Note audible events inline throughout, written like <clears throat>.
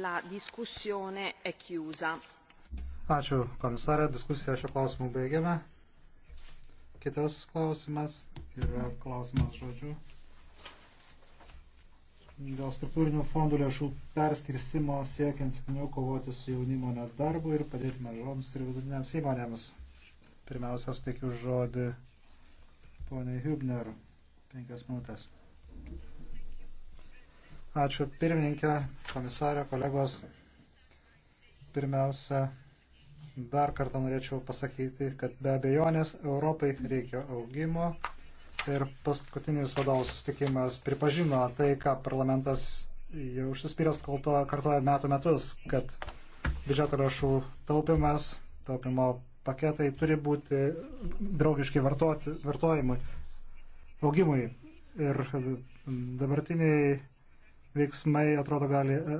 La discussione è chiusa. Ačiū, komisarė. Diskusiją šio klausimu baigiame. Kitas klausimas yra klausimas žodžiu. Dėl struktūrinių fondų lėšų perskirstimo siekiant sėkmiau kovoti su jaunimo nedarbu ir padėti mažoms ir vidutinėms įmonėms. Pirmiausia, suteikiu žodį poniai Hübner. Penkias minutės. Ačiū pirmininkė, komisarė, kolegos. Pirmiausia, dar kartą norėčiau pasakyti, kad be abejonės Europai reikia augimo ir paskutinis vadovų sustikimas pripažino tai, ką parlamentas jau užsispyręs kartuoja metų metus, kad biudžeto lėšų taupimas, taupimo paketai turi būti draugiški vartoti, vartojimui, augimui. Ir dabartiniai veiksmai, atrodo, gali e, e,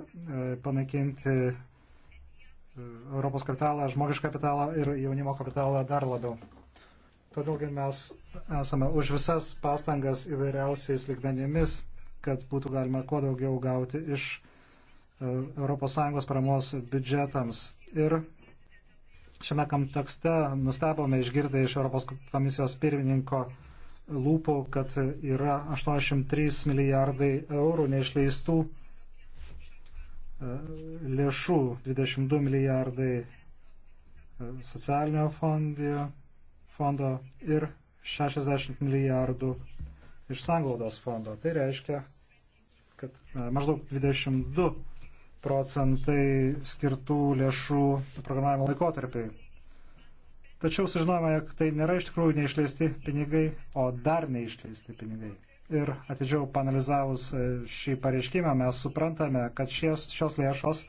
panaikinti e, Europos kapitalą, žmogišką kapitalą ir jaunimo kapitalą dar labiau. Todėlgi mes esame už visas pastangas įvairiausiais ligmenimis, kad būtų galima kuo daugiau gauti iš ES paramos biudžetams. Ir šiame kontekste nustebome išgirdę iš Europos komisijos pirmininko lūpų, kad yra 83 milijardai eurų neišleistų e, lėšų, 22 milijardai e, socialinio fondio, fondo ir 60 milijardų iš sanglaudos fondo. Tai reiškia, kad e, maždaug 22 procentai skirtų lėšų programavimo laikotarpiai. Tačiau sužinojome, jog tai nėra iš tikrųjų neišleisti pinigai, o dar neišleisti pinigai. Ir atidžiau panalizavus e, šį pareiškimą mes suprantame, kad šios, šios lėšos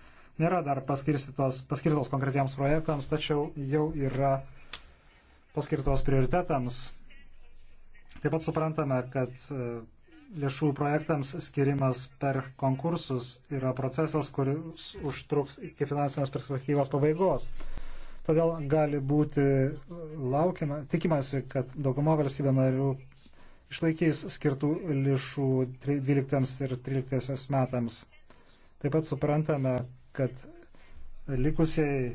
nėra dar paskirtos, paskirtos konkretiems projektams, tačiau jau yra paskirtos prioritetams. Taip pat suprantame, kad e, lėšų projektams skirimas per konkursus yra procesas, kuris užtruks iki finansinės perspektyvos pabaigos. Todėl gali būti laukiama, tikimasi, kad dauguma valstybė narių išlaikys skirtų lišų 12 ir 13 metams. Taip pat suprantame, kad likusiai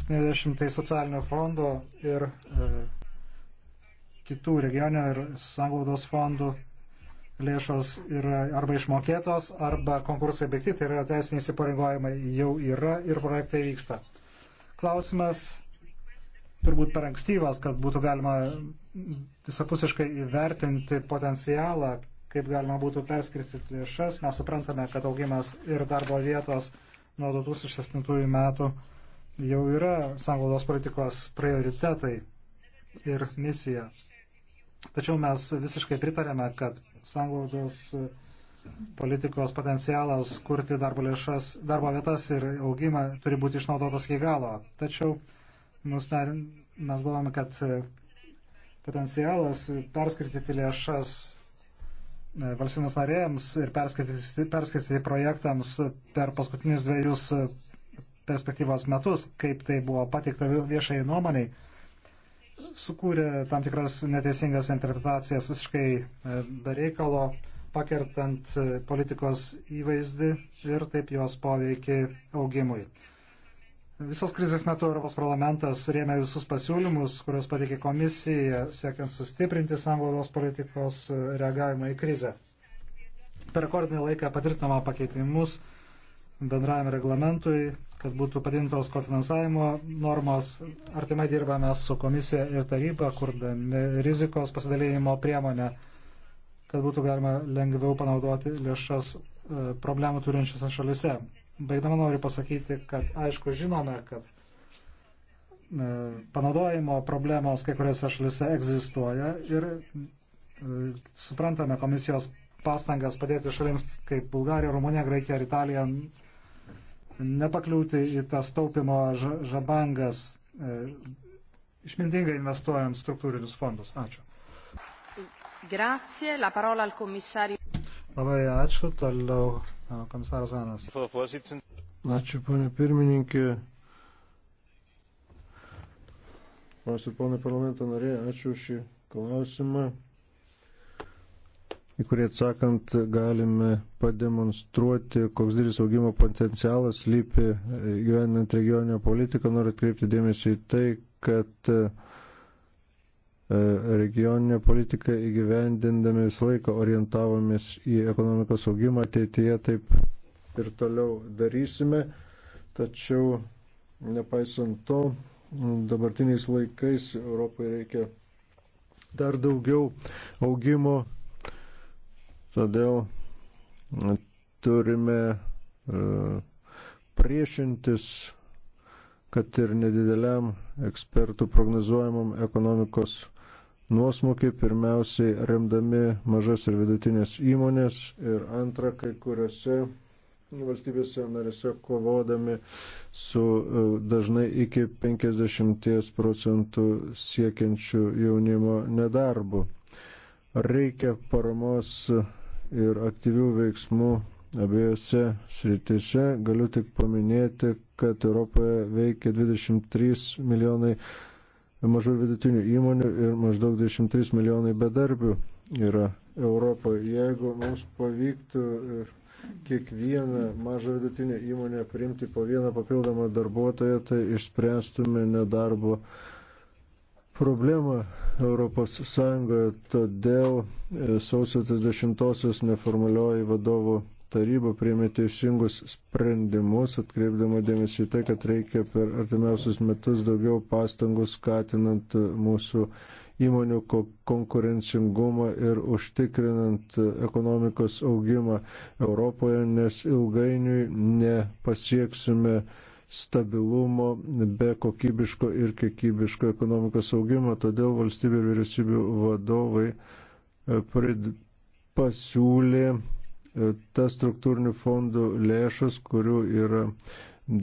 70 socialinio fondo ir e, kitų regionio ir sanglaudos fondų lėšos yra arba išmokėtos, arba konkursai baigti, tai yra teisiniai įsipareigojimai jau yra ir projektai vyksta. Klausimas turbūt per ankstyvas, kad būtų galima visapusiškai įvertinti potencialą, kaip galima būtų perskirstyti lėšas. Mes suprantame, kad augimas ir darbo vietos nuo 2007 metų jau yra sanglaudos politikos prioritetai ir misija. Tačiau mes visiškai pritarėme, kad sanglaudos uh, politikos potencialas kurti darbo, lėšas, darbo vietas ir augimą turi būti išnaudotas iki galo. Tačiau mus, mes galvojame, kad e, potencialas perskirtyti lėšas e, valstybės narėjams ir perskaityti, perskaityti projektams per paskutinius dviejus e, perspektyvos metus, kaip tai buvo pateikta viešai nuomoniai, sukūrė tam tikras neteisingas interpretacijas visiškai be reikalo pakertant e, politikos įvaizdį ir taip jos poveikį augimui. Visos krizės metu Europos parlamentas rėmė visus pasiūlymus, kuriuos pateikė komisija, siekiant sustiprinti sanglaudos politikos e, reagavimą į krizę. Per rekordinį laiką patvirtinama pakeitimus bendrajam reglamentui, kad būtų padintos kofinansavimo normos. Artimai dirbame su komisija ir taryba, kurdami rizikos pasidalymo priemonę kad būtų galima lengviau panaudoti lėšas e, problemų turinčiose šalise. Baigdama noriu pasakyti, kad aišku žinome, kad e, panaudojimo problemos kai kuriuose šalise egzistuoja ir e, suprantame komisijos pastangas padėti šalims kaip Bulgarija, Rumunija, Graikija ir Italija nepakliūti į tas taupimo žabangas išmintingai investuojant struktūrinius fondus. Ačiū. Grazie. La parola al commissario. Labai ačiū. Toliau komisaras Anas. Ačiū, ponė pirmininkė. Mes ir ponai parlamento norė, ačiū šį klausimą, į kurį atsakant galime pademonstruoti, koks didelis augimo potencialas lypi gyvenant regioninę politiką. Noriu atkreipti dėmesį į tai, kad uh, E, regioninę politiką įgyvendindami visą laiką orientavomės į ekonomikos augimą, ateityje taip ir toliau darysime. Tačiau, nepaisant to, dabartiniais laikais Europai reikia dar daugiau augimo, todėl e, turime e, priešintis kad ir nedideliam ekspertų prognozuojamam ekonomikos nuosmukį, pirmiausiai remdami mažas ir vidutinės įmonės ir antra, kai kuriuose valstybėse narėse kovodami su e, dažnai iki 50 procentų siekiančių jaunimo nedarbu. Reikia paramos ir aktyvių veiksmų abiejose sritise. Galiu tik paminėti, kad Europoje veikia 23 milijonai mažų vidutinių įmonių ir maždaug 23 milijonai bedarbių yra Europoje. Jeigu mums pavyktų e, kiekvieną mažą vidutinę įmonę priimti po vieną papildomą darbuotoją, tai išspręstume nedarbo problemą Europos Sąjungoje. Todėl e, sausio 30-osios neformalioji vadovų taryba priėmė teisingus sprendimus, atkreipdama dėmesį į tai, kad reikia per artimiausius metus daugiau pastangų skatinant mūsų įmonių konkurencingumą ir užtikrinant ekonomikos augimą Europoje, nes ilgainiui nepasieksime stabilumo be kokybiško ir kiekybiško ekonomikos augimo. Todėl valstybių ir vyriausybių vadovai e, pasiūlė E, tas struktūrinių fondų lėšas, kurių yra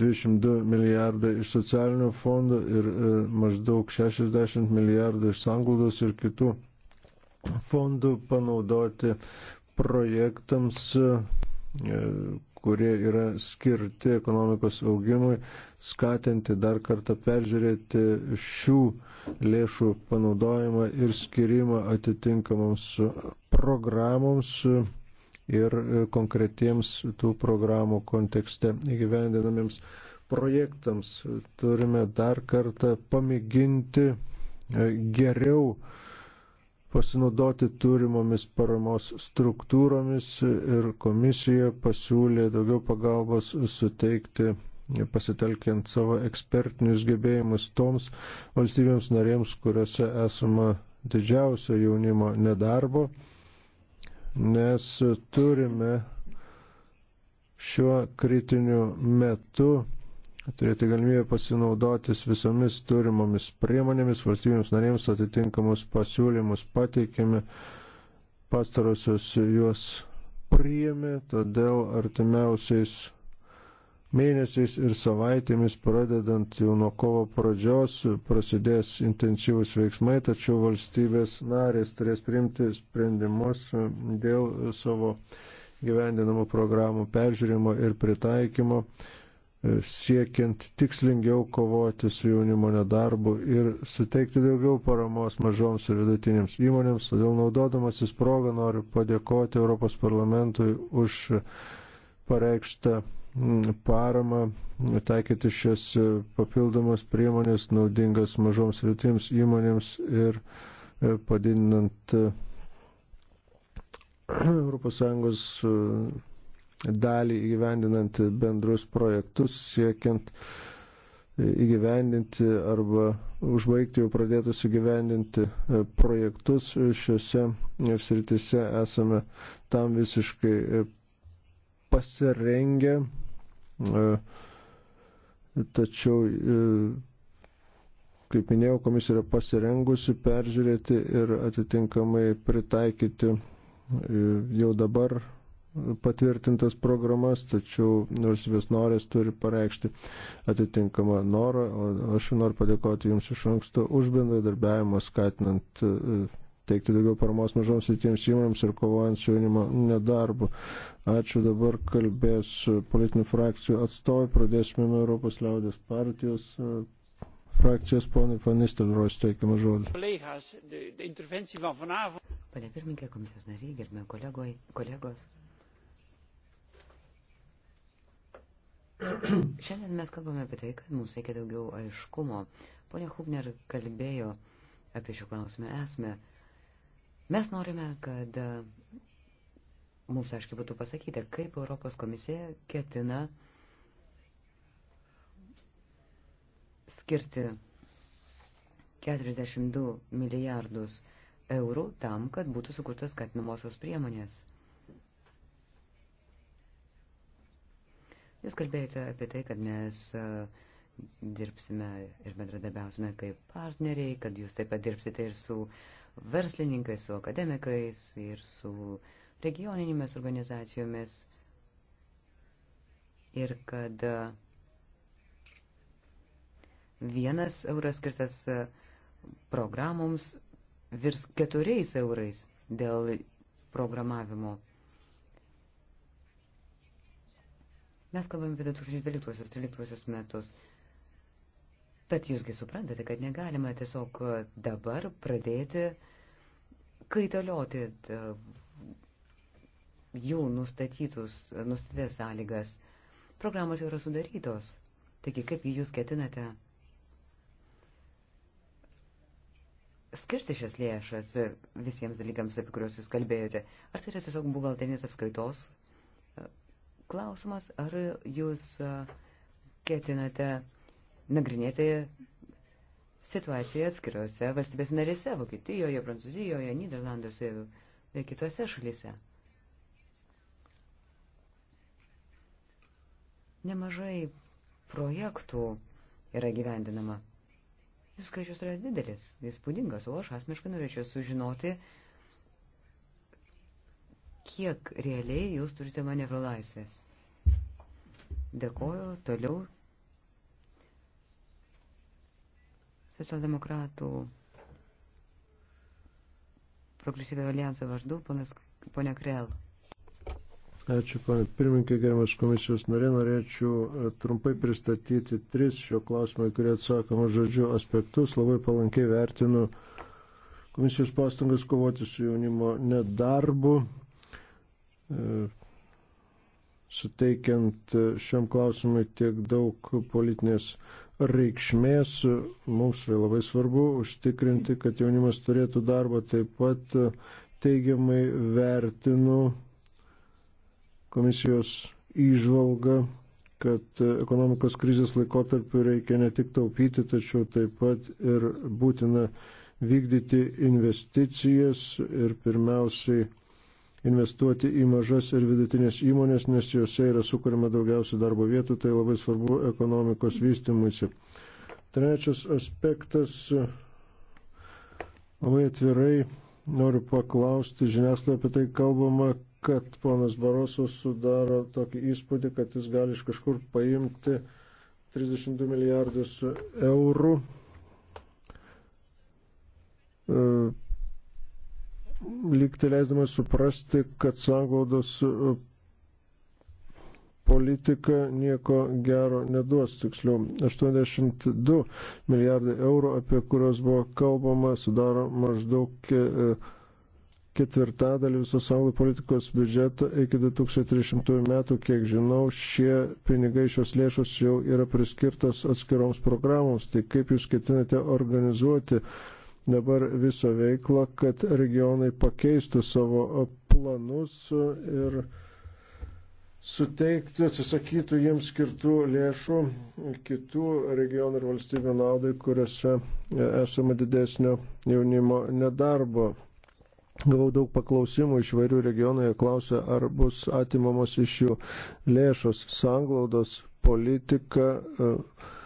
22 milijardai iš socialinių fondų ir e, maždaug 60 milijardų iš sanglaudos ir kitų fondų panaudoti projektams, e, kurie yra skirti ekonomikos augimui, skatinti dar kartą peržiūrėti šių lėšų panaudojimą ir skirimą atitinkamoms programoms ir e, konkretiems tų programų kontekste įgyvendinamiems projektams. Turime dar kartą pamėginti e, geriau pasinaudoti turimomis paramos struktūromis ir komisija pasiūlė daugiau pagalbos suteikti e, pasitelkiant savo ekspertinius gebėjimus toms valstybėms narėms, kuriuose esama didžiausio jaunimo nedarbo nes turime šiuo kritiniu metu turėti galimybę pasinaudotis visomis turimomis priemonėmis, valstybėms narėms atitinkamus pasiūlymus pateikėme, pastarosius juos priėmė, todėl artimiausiais mėnesiais ir savaitėmis, pradedant jau nuo kovo pradžios, prasidės intensyvūs veiksmai, tačiau valstybės narės turės priimti sprendimus dėl savo gyvendinamų programų peržiūrimo ir pritaikymo, siekiant tikslingiau kovoti su jaunimo nedarbu ir suteikti daugiau paramos mažoms ir vidutinėms įmonėms. Todėl naudodamasis progą noriu padėkoti Europos parlamentui už pareikštą paramą, taikyti šias papildomas priemonės naudingas mažoms rytims įmonėms ir e, padidinant ES e, dalį įgyvendinant bendrus projektus, siekiant įgyvendinti arba užbaigti jau pradėtus įgyvendinti e, projektus šiuose sritise esame tam visiškai pasirengę, e, tačiau, e, kaip minėjau, komisija yra pasirengusi peržiūrėti ir atitinkamai pritaikyti e, jau dabar patvirtintas programas, tačiau valstybės norės turi pareikšti atitinkamą norą, o aš jau noriu padėkoti Jums iš anksto už bendradarbiavimą skatinant teikti daugiau paramos mažoms ir tiems įmonėms ir kovojant su jaunimo nedarbu. Ačiū dabar kalbės politinių frakcijų atstovai. Pradėsime nuo Europos liaudės partijos e, frakcijos ponai Fanistelroj steikiamas žodis. Pane pirmininkė, komisijos nariai, gerbėjai kolegoj, kolegos. <clears throat> Šiandien mes kalbame apie tai, kad mums reikia daugiau aiškumo. Pone Hubner kalbėjo apie šio klausimą esmę. Mes norime, kad e, mums aiškiai būtų pasakyta, kaip Europos komisija ketina skirti 42 milijardus eurų tam, kad būtų sukurtas skatinamosios priemonės. Jūs kalbėjote apie tai, kad mes e, dirbsime ir bendradabiausime kaip partneriai, kad jūs taip pat dirbsite ir su uh, verslininkais, su akademikais ir su regioninėmis organizacijomis. Ir kad e, vienas euras skirtas e, programoms virs keturiais eurais dėl programavimo. Mes kalbame apie 2012-2013 metus. Bet jūsgi suprantate, kad negalima tiesiog e, dabar pradėti kaitalioti e, jų nustatytus, e, nustatytas sąlygas. Programos jau yra sudarytos. Taigi, kaip jūs ketinate skirti šias lėšas visiems dalykams, apie kuriuos jūs kalbėjote? Ar tai yra tiesiog buhalterinės apskaitos klausimas, ar jūs ketinate nagrinėti situaciją atskiriuose valstybės narėse - Vokietijoje, Prancūzijoje, Niderlanduose ir kitose šalyse. Nemažai projektų yra gyvendinama. Jų skaičius yra didelis, įspūdingas, o aš asmeniškai norėčiau sužinoti, kiek realiai jūs turite manevro laisvės. Dėkoju, toliau socialdemokratų progresyvio alijanso vardu, ponas, ponia Krell. Ačiū, ponė pirmininkė, gerbiamas komisijos narė, norėčiau e, trumpai pristatyti tris šio klausimo, kurie atsakoma žodžiu aspektus. Labai palankiai vertinu komisijos pastangas kovoti su jaunimo nedarbu, e, suteikiant e, šiam klausimui tiek daug politinės reikšmės mums yra tai labai svarbu užtikrinti, kad jaunimas turėtų darbą. Taip pat teigiamai vertinu komisijos įžvalgą, kad ekonomikos krizės laikotarpiu reikia ne tik taupyti, tačiau taip pat ir būtina vykdyti investicijas ir pirmiausiai investuoti į mažas ir vidutinės įmonės, nes juose yra sukūrima daugiausia darbo vietų, tai labai svarbu ekonomikos vystimuisi. Trečias aspektas, labai atvirai noriu paklausti, žiniasklaidoje apie tai kalbama, kad ponas Barosas sudaro tokį įspūdį, kad jis gali iš kažkur paimti 32 milijardus eurų e, likti leisdama suprasti, kad sanglaudos e, politika nieko gero neduos, tiksliau 82 milijardai eurų, apie kuriuos buvo kalbama, sudaro maždaug e, ketvirtadalį visos sanglaudos politikos biudžeto iki 2030 metų, kiek žinau, šie pinigai šios lėšos jau yra priskirtos atskiroms programoms. Tai kaip jūs ketinate organizuoti dabar visą veiklą, kad regionai pakeistų savo planus ir suteikti, atsisakytų jiems skirtų lėšų kitų regionų ir valstybių naudai, kuriuose esama didesnio jaunimo nedarbo. Gavau daug paklausimų iš vairių regionų, jie klausė, ar bus atimamos iš jų lėšos, sanglaudos politika. Uh,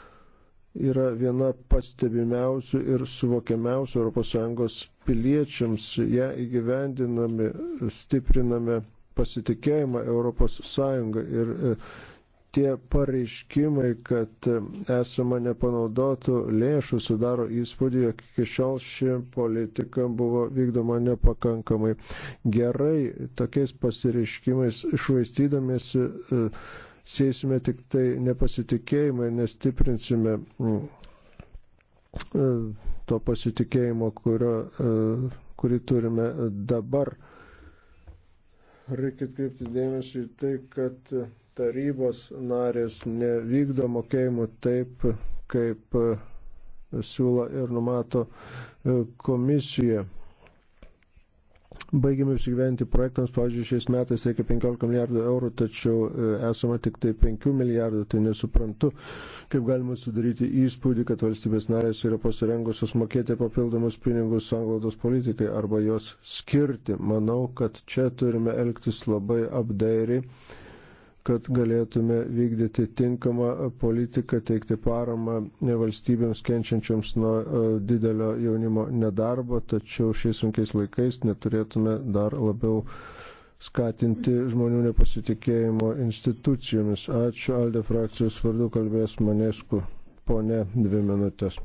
yra viena pastebimiausių ir suvokiamiausių ES piliečiams. Ja įgyvendiname, stipriname pasitikėjimą ES ir e, tie pareiškimai, kad e, esama nepanaudotų lėšų, sudaro įspūdį, jog iki šiol ši politika buvo vykdoma nepakankamai gerai. Tokiais pasireiškimais švaistydamėsi e, sėsime tik tai nepasitikėjimą ir nestiprinsime mm, e, to pasitikėjimo, kurio, e, kurį turime dabar. Reikia atkreipti dėmesį į tai, kad tarybos narės nevykdo mokėjimų taip, kaip siūlo ir numato e, komisija. Baigiame įsigyventi projektams, pavyzdžiui, šiais metais reikia 15 milijardų eurų, tačiau e, esama tik tai 5 milijardų, tai nesuprantu, kaip galima sudaryti įspūdį, kad valstybės narės yra pasirengusios mokėti papildomus pinigus sanglaudos politikai arba juos skirti. Manau, kad čia turime elgtis labai apdairiai kad galėtume vykdyti tinkamą politiką, teikti paramą valstybėms kenčiančioms nuo e, didelio jaunimo nedarbo, tačiau šiais sunkiais laikais neturėtume dar labiau skatinti žmonių nepasitikėjimo institucijomis. Ačiū Alde frakcijos vardu kalbės Manesku. Pone, dvi minutės.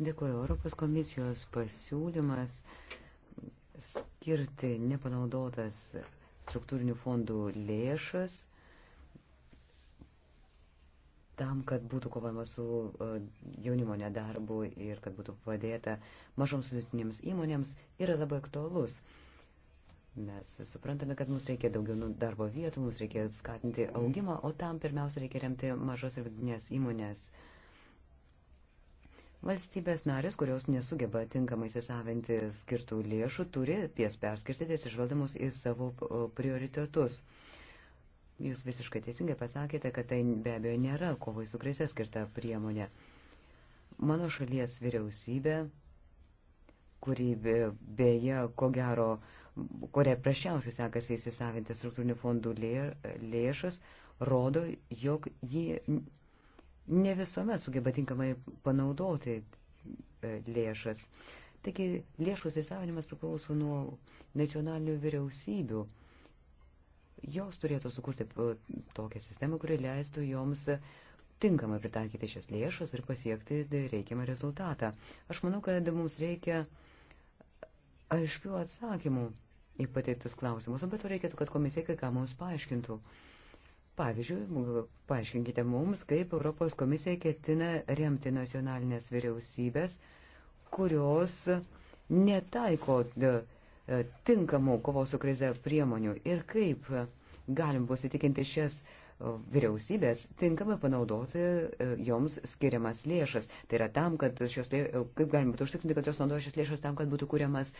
Dėkuoju, Europos komisijos pasiūlymas skirti nepanaudotas struktūrinių fondų lėšas tam, kad būtų kovama su e, jaunimo nedarbu ir kad būtų padėta mažoms vidutinėms įmonėms, yra labai aktualus. Mes suprantame, kad mums reikia daugiau nu, darbo vietų, mums reikia skatinti augimą, o tam pirmiausia reikia remti mažas ir vidutinės įmonės. Uh, Valstybės narės, kurios nesugeba tinkamai įsisavinti skirtų lėšų, turi jas perskirstyti atsižvelgdamus į savo prioritetus. Jūs visiškai teisingai pasakėte, kad tai be abejo nėra kovai su krize skirta priemonė. Mano šalies vyriausybė, kuri beje, ko gero, kuria prašiausiai sekasi įsisavinti struktūrinių fondų lė, lėšas, rodo, jog ji ne visuomet sugeba tinkamai panaudoti e, lėšas. Taigi lėšų įsisavinimas priklauso nuo nacionalinių vyriausybių. Jos turėtų sukurti e, tokią sistemą, kuri leistų joms tinkamai pritaikyti šias lėšas ir pasiekti reikiamą rezultatą. Aš manau, kad mums reikia aiškių atsakymų į pateiktus klausimus, bet to reikėtų, kad komisija kai ką mums paaiškintų. Uh, Pavyzdžiui, paaiškinkite mums, kaip Europos komisija ketina remti nacionalinės vyriausybės, kurios netaiko e, tinkamų kovos su krize priemonių ir kaip galim bus įtikinti šias vyriausybės tinkamai panaudoti e, joms skiriamas lėšas. Tai yra tam, kad šios lėšas, e, kaip galima būtų užtikrinti, kad jos naudoja šias lėšas tam, kad būtų kuriamas,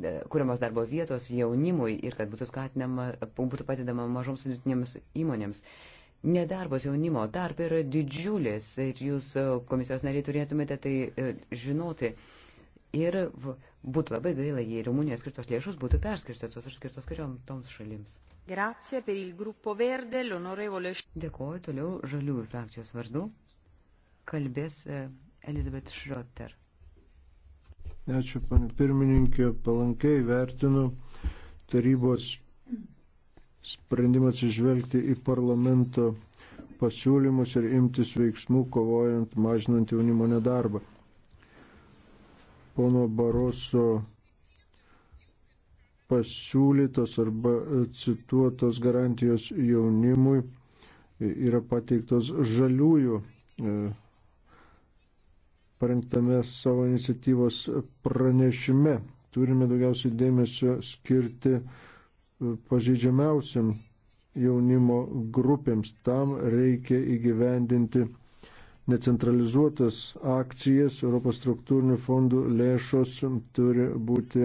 e, kuriamas darbo vietos jaunimui ir kad būtų skatinama, būtų padedama mažoms vidutinėms įmonėms. Nedarbas jaunimo tarp yra didžiulis ir jūs komisijos nariai turėtumėte tai žinoti. Ir Būtų labai gaila, jei Rumunijos skirtos lėšos būtų perskirstytos ir skirtos kuriom toms šalims. Grazie per il gruppo verde, l'onorevole. Dėkuoju toliau žaliųjų frakcijos vardu. Kalbės e, Elizabeth Schroeter. Ačiū, pan pirmininkė, palankiai vertinu tarybos sprendimą atsižvelgti į parlamento pasiūlymus ir imtis veiksmų kovojant mažinant jaunimo nedarbą pono Baroso pasiūlytos arba cituotos garantijos jaunimui yra pateiktos žaliųjų e, parengtame savo iniciatyvos pranešime. Turime daugiausiai dėmesio skirti e, pažeidžiamiausiam jaunimo grupėms. Tam reikia įgyvendinti necentralizuotas akcijas, Europos struktūrinių fondų lėšos turi būti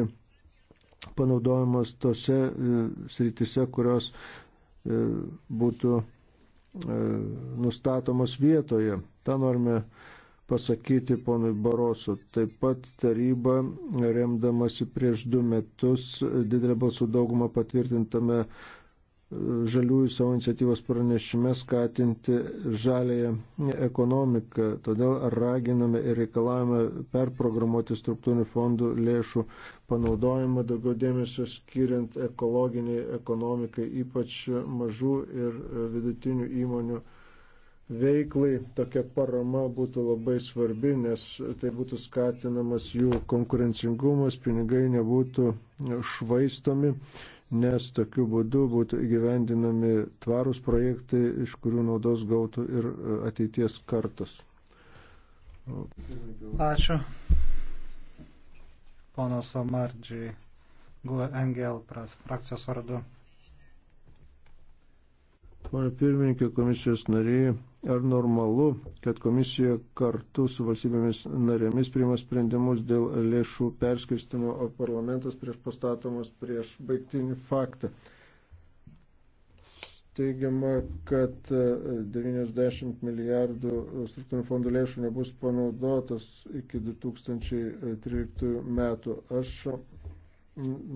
panaudojamos tose e, sritise, kurios e, būtų e, nustatomos vietoje. Ta norime pasakyti ponui Barosu. Taip pat taryba, remdamasi prieš du metus didelė balsų daugumą patvirtintame žaliųjų savo iniciatyvos pranešime skatinti žalėją ekonomiką. Todėl raginame ir reikalavome perprogramuoti struktūrinių fondų lėšų panaudojimą, daugiau dėmesio skiriant ekologiniai ekonomikai, ypač mažų ir vidutinių įmonių. Veiklai tokia parama būtų labai svarbi, nes tai būtų skatinamas jų konkurencingumas, pinigai nebūtų švaistomi nes tokiu būdu būtų įgyvendinami tvarūs projektai, iš kurių naudos gautų ir e, ateities kartos. Ačiū. Pono Samardžiai, Gue Engel frakcijos vardu. Pone pirmininkė, komisijos nariai ar normalu, kad komisija kartu su valstybėmis narėmis priima sprendimus dėl lėšų perskirstimo, o parlamentas prieš pastatomas prieš baigtinį faktą. Teigiama, kad 90 e, milijardų struktūrinių fondų lėšų nebus panaudotas iki 2013 metų. Aš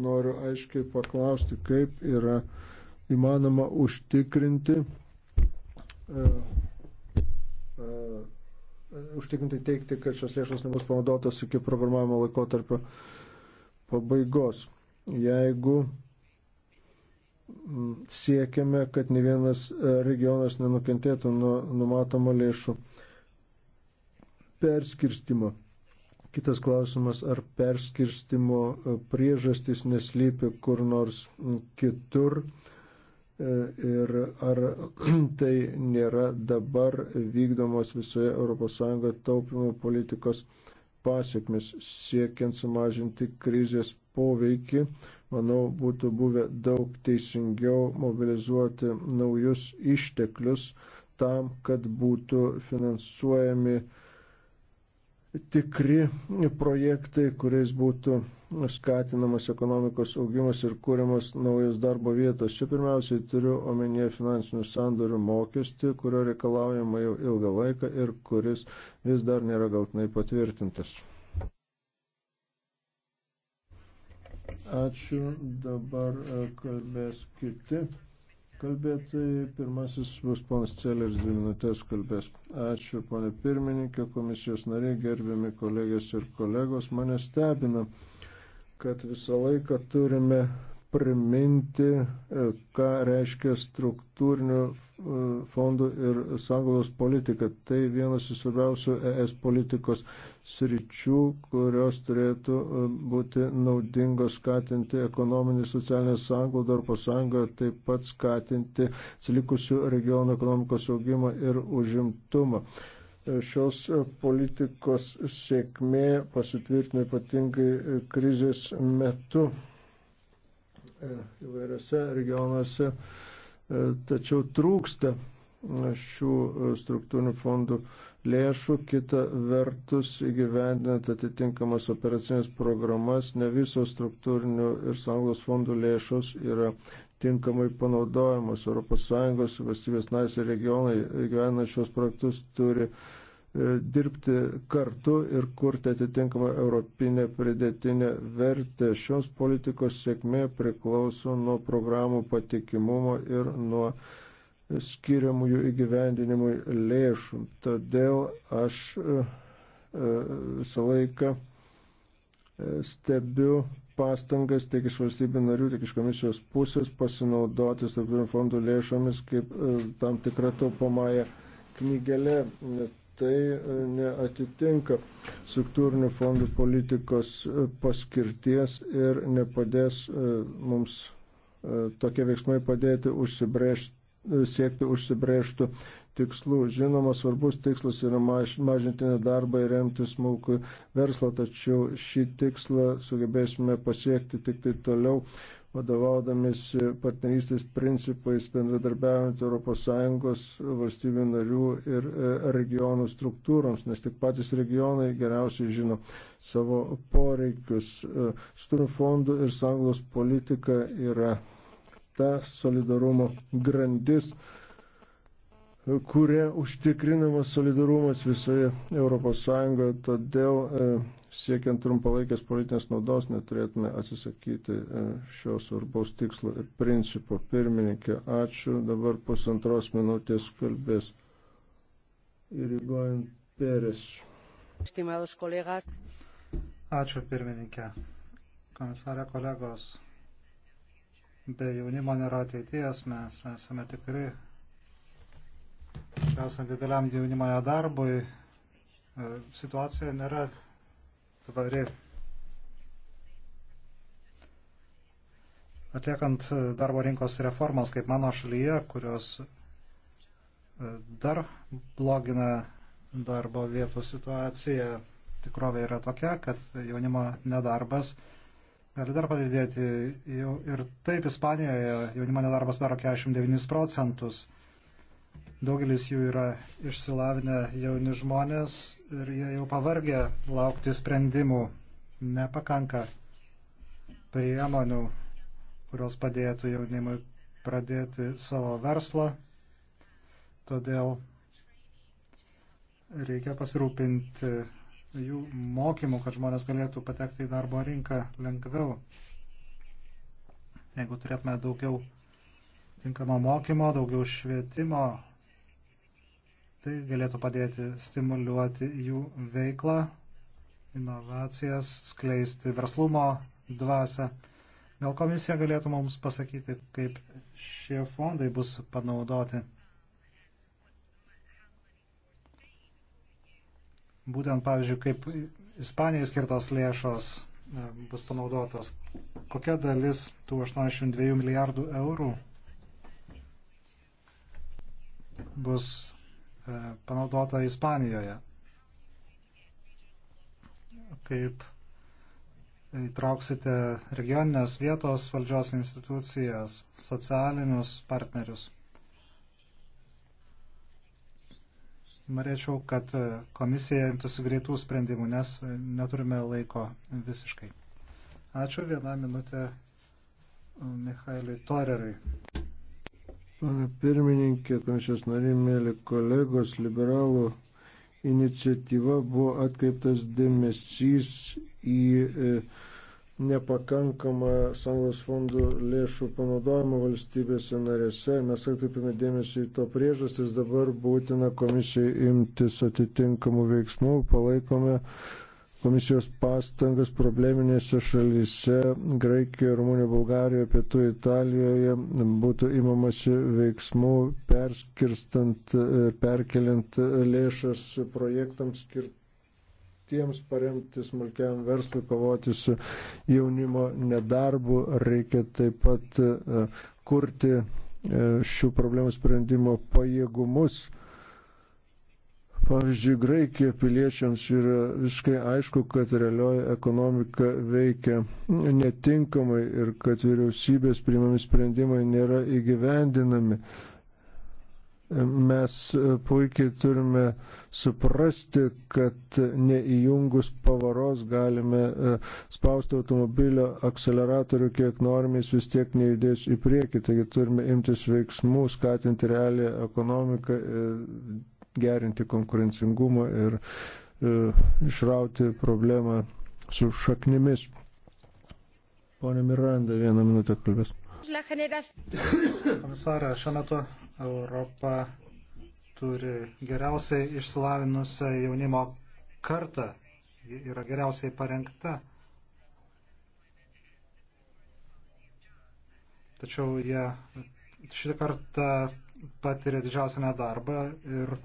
noriu aiškiai paklausti, kaip yra įmanoma užtikrinti e, E, užtikrinti teikti, kad šios lėšos nebus panaudotos iki programavimo laikotarpio pabaigos. Jeigu siekiame, kad ne vienas e, regionas nenukentėtų nuo numatomo lėšų perskirstimo. Kitas klausimas, ar perskirstimo e, priežastys neslypi kur nors kitur. E, ir ar <clears throat> tai nėra dabar vykdomos visoje ES taupimo politikos pasiekmes siekiant sumažinti krizės poveikį. Manau, būtų buvę daug teisingiau mobilizuoti naujus išteklius tam, kad būtų finansuojami uh, tikri projektai, kuriais būtų skatinamas ekonomikos augimas ir kūriamas naujas darbo vietas. Čia pirmiausiai turiu omenyje finansinių sandorių mokestį, kurio reikalaujama jau ilgą laiką ir kuris vis dar nėra galtinai patvirtintas. Ačiū, dabar e, kalbės kiti kalbėtojai. Pirmasis bus ponas Celeris, dvi minutės kalbės. Ačiū, ponė pirmininkė, komisijos nariai, gerbiami kolegės ir kolegos. Mane stebina, kad visą laiką turime priminti, e, ką reiškia struktūrinių e, fondų ir sąnglaudos politika. Tai vienas iš svarbiausių ES politikos sričių, kurios turėtų e, būti naudingos skatinti ekonominį socialinę sąnglaudą Europos Sąjungoje, taip pat skatinti atsilikusių regionų ekonomikos augimą ir užimtumą šios politikos sėkmė pasitvirtino ypatingai krizės metu. E, įvairiose regionuose, e, tačiau trūksta šių struktūrinių fondų lėšų, kita vertus įgyvendinant atitinkamas operacinės programas, ne visos struktūrinių ir sąjungos fondų lėšos yra tinkamai panaudojamos. ES valstybės narės ir regionai įgyvendinant šios projektus turi E, dirbti kartu ir kurti atitinkamą europinę pridėtinę vertę. Šios politikos sėkmė priklauso nuo programų patikimumo ir nuo skiriamų jų įgyvendinimui lėšų. Todėl aš e, e, visą laiką stebiu pastangas tiek iš valstybių narių, tiek iš komisijos pusės pasinaudoti struktūrinių fondų lėšomis kaip tam tikrą taupomąją knygelę tai e, neatitinka struktūrinių fondų politikos e, paskirties ir nepadės e, mums tokie veiksmai padėti užsibrėžti, siekti užsibrėžtų tikslų. Žinoma, svarbus tikslas yra maž, mažinti nedarbą ir remti smulkų verslą, tačiau šį tikslą sugebėsime pasiekti tik tai toliau vadovaudamėsi partnerystės principais bendradarbiaujant ES valstybių narių ir e, regionų struktūroms, nes tik patys regionai geriausiai žino savo poreikius. E, Sturų fondų ir sąjungos politika yra ta solidarumo grandis, kuria užtikrinamas solidarumas visoje ES, todėl e, siekiant trumpalaikės politinės naudos neturėtume atsisakyti e, šio svarbaus tikslo ir principo. Pirmininkė, ačiū, dabar pusantros minutės kalbės ir įgojant Peres. Ačiū pirmininkė. Komisarė kolegos, be jaunimo nėra ateities, mes esame tikri, esant dideliam jaunimoje darbui, e, situacija nėra tvari. Atliekant e, darbo rinkos reformas, kaip mano šalyje, kurios e, dar blogina darbo vietų situaciją, tikrovė yra tokia, kad jaunimo nedarbas gali dar padidėti. Ir taip Ispanijoje jaunimo nedarbas daro 49 procentus Daugelis jų yra išsilavinę jauni žmonės ir jie jau pavargę laukti sprendimų. Nepakanka priemonių, kurios padėtų jaunimui pradėti savo verslą. Todėl reikia pasirūpinti jų mokymų, kad žmonės galėtų patekti į darbo rinką lengviau. Jeigu turėtume daugiau tinkamo mokymo, daugiau švietimo, Tai galėtų padėti stimuliuoti jų veiklą, inovacijas, skleisti verslumo dvasę. Gal komisija galėtų mums pasakyti, kaip šie fondai bus panaudoti? Būtent, pavyzdžiui, kaip Ispanijai skirtos lėšos e, bus panaudotos. Kokia dalis tų 82 milijardų eurų bus E, panaudota Ispanijoje. Kaip įtrauksite regioninės vietos valdžios institucijas, socialinius partnerius. Norėčiau, kad komisija imtųsi greitų sprendimų, nes neturime laiko visiškai. Ačiū vieną minutę Michailui Torerui. Pirmininkė, komisijos nariai, mėly kolegos, liberalų iniciatyva buvo atkreiptas dėmesys į e, nepakankamą sąjungos fondų lėšų panaudojimą valstybėse narėse. Mes atkreipėme dėmesį į to priežastis, dabar būtina komisijai imtis atitinkamų veiksmų, palaikome komisijos pastangas probleminėse šalyse - Graikijoje, Rumunijoje, Bulgarijoje, Pietų Italijoje - būtų imamasi veiksmų perskirstant, e, perkeliant lėšas projektams skirtiems paremti smulkiam verslui, kovoti su jaunimo nedarbu. Reikia taip pat e, kurti e, šių problemų sprendimo pajėgumus Pavyzdžiui, Graikija piliečiams yra viskai aišku, kad realioji ekonomika veikia netinkamai ir kad vyriausybės priimami sprendimai nėra įgyvendinami. Mes puikiai turime suprasti, kad neįjungus pavaros galime e, spausti automobilio akceleratorių, kiek norime, jis vis tiek nejudės į priekį. Taigi turime imtis veiksmų, skatinti realią ekonomiką. Ir e, gerinti konkurencingumą ir e, išrauti problemą su šaknimis. Pone Miranda, vieną minutę kalbės. Komisarė, šiuo metu Europa turi geriausiai išsilavinusią jaunimo kartą. Ji yra geriausiai parengta. Tačiau jie šitą kartą patiria didžiausią nedarbą ir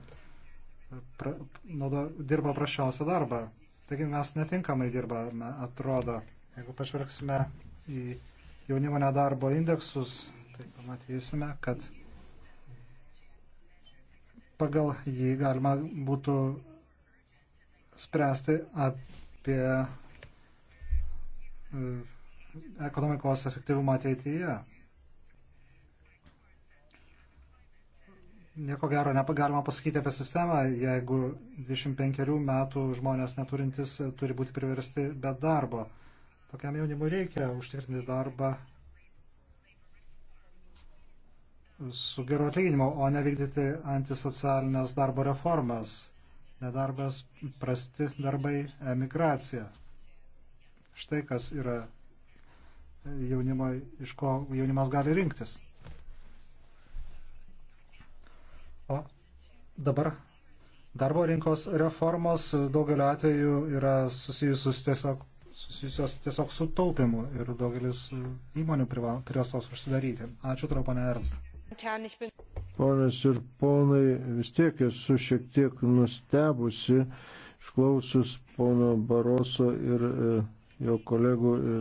pra, naudo, dirba prašiausią darbą. Taigi mes netinkamai dirbame, atrodo. Jeigu pažvelgsime į jaunimo nedarbo indeksus, tai pamatysime, kad pagal jį galima būtų spręsti apie e, ekonomikos efektyvumą ateityje. nieko gero negalima pasakyti apie sistemą, jeigu 25 metų žmonės neturintis e, turi būti priversti be darbo. Tokiam jaunimui reikia užtikrinti darbą su geru atlyginimu, o ne vykdyti antisocialinės darbo reformas. Nedarbas, prasti darbai, emigracija. Štai kas yra jaunimo, iš ko jaunimas gali rinktis. Dabar darbo rinkos reformos daugeliu atveju yra susijusios tiesiog, susijusios tiesiog su taupimu ir daugelis įmonių privestos užsidaryti. Ačiū, turiu, pane Ernst. Ponas ir ponai, vis tiek esu šiek tiek nustebusi, išklausus pono Baroso ir e, jo kolegų e,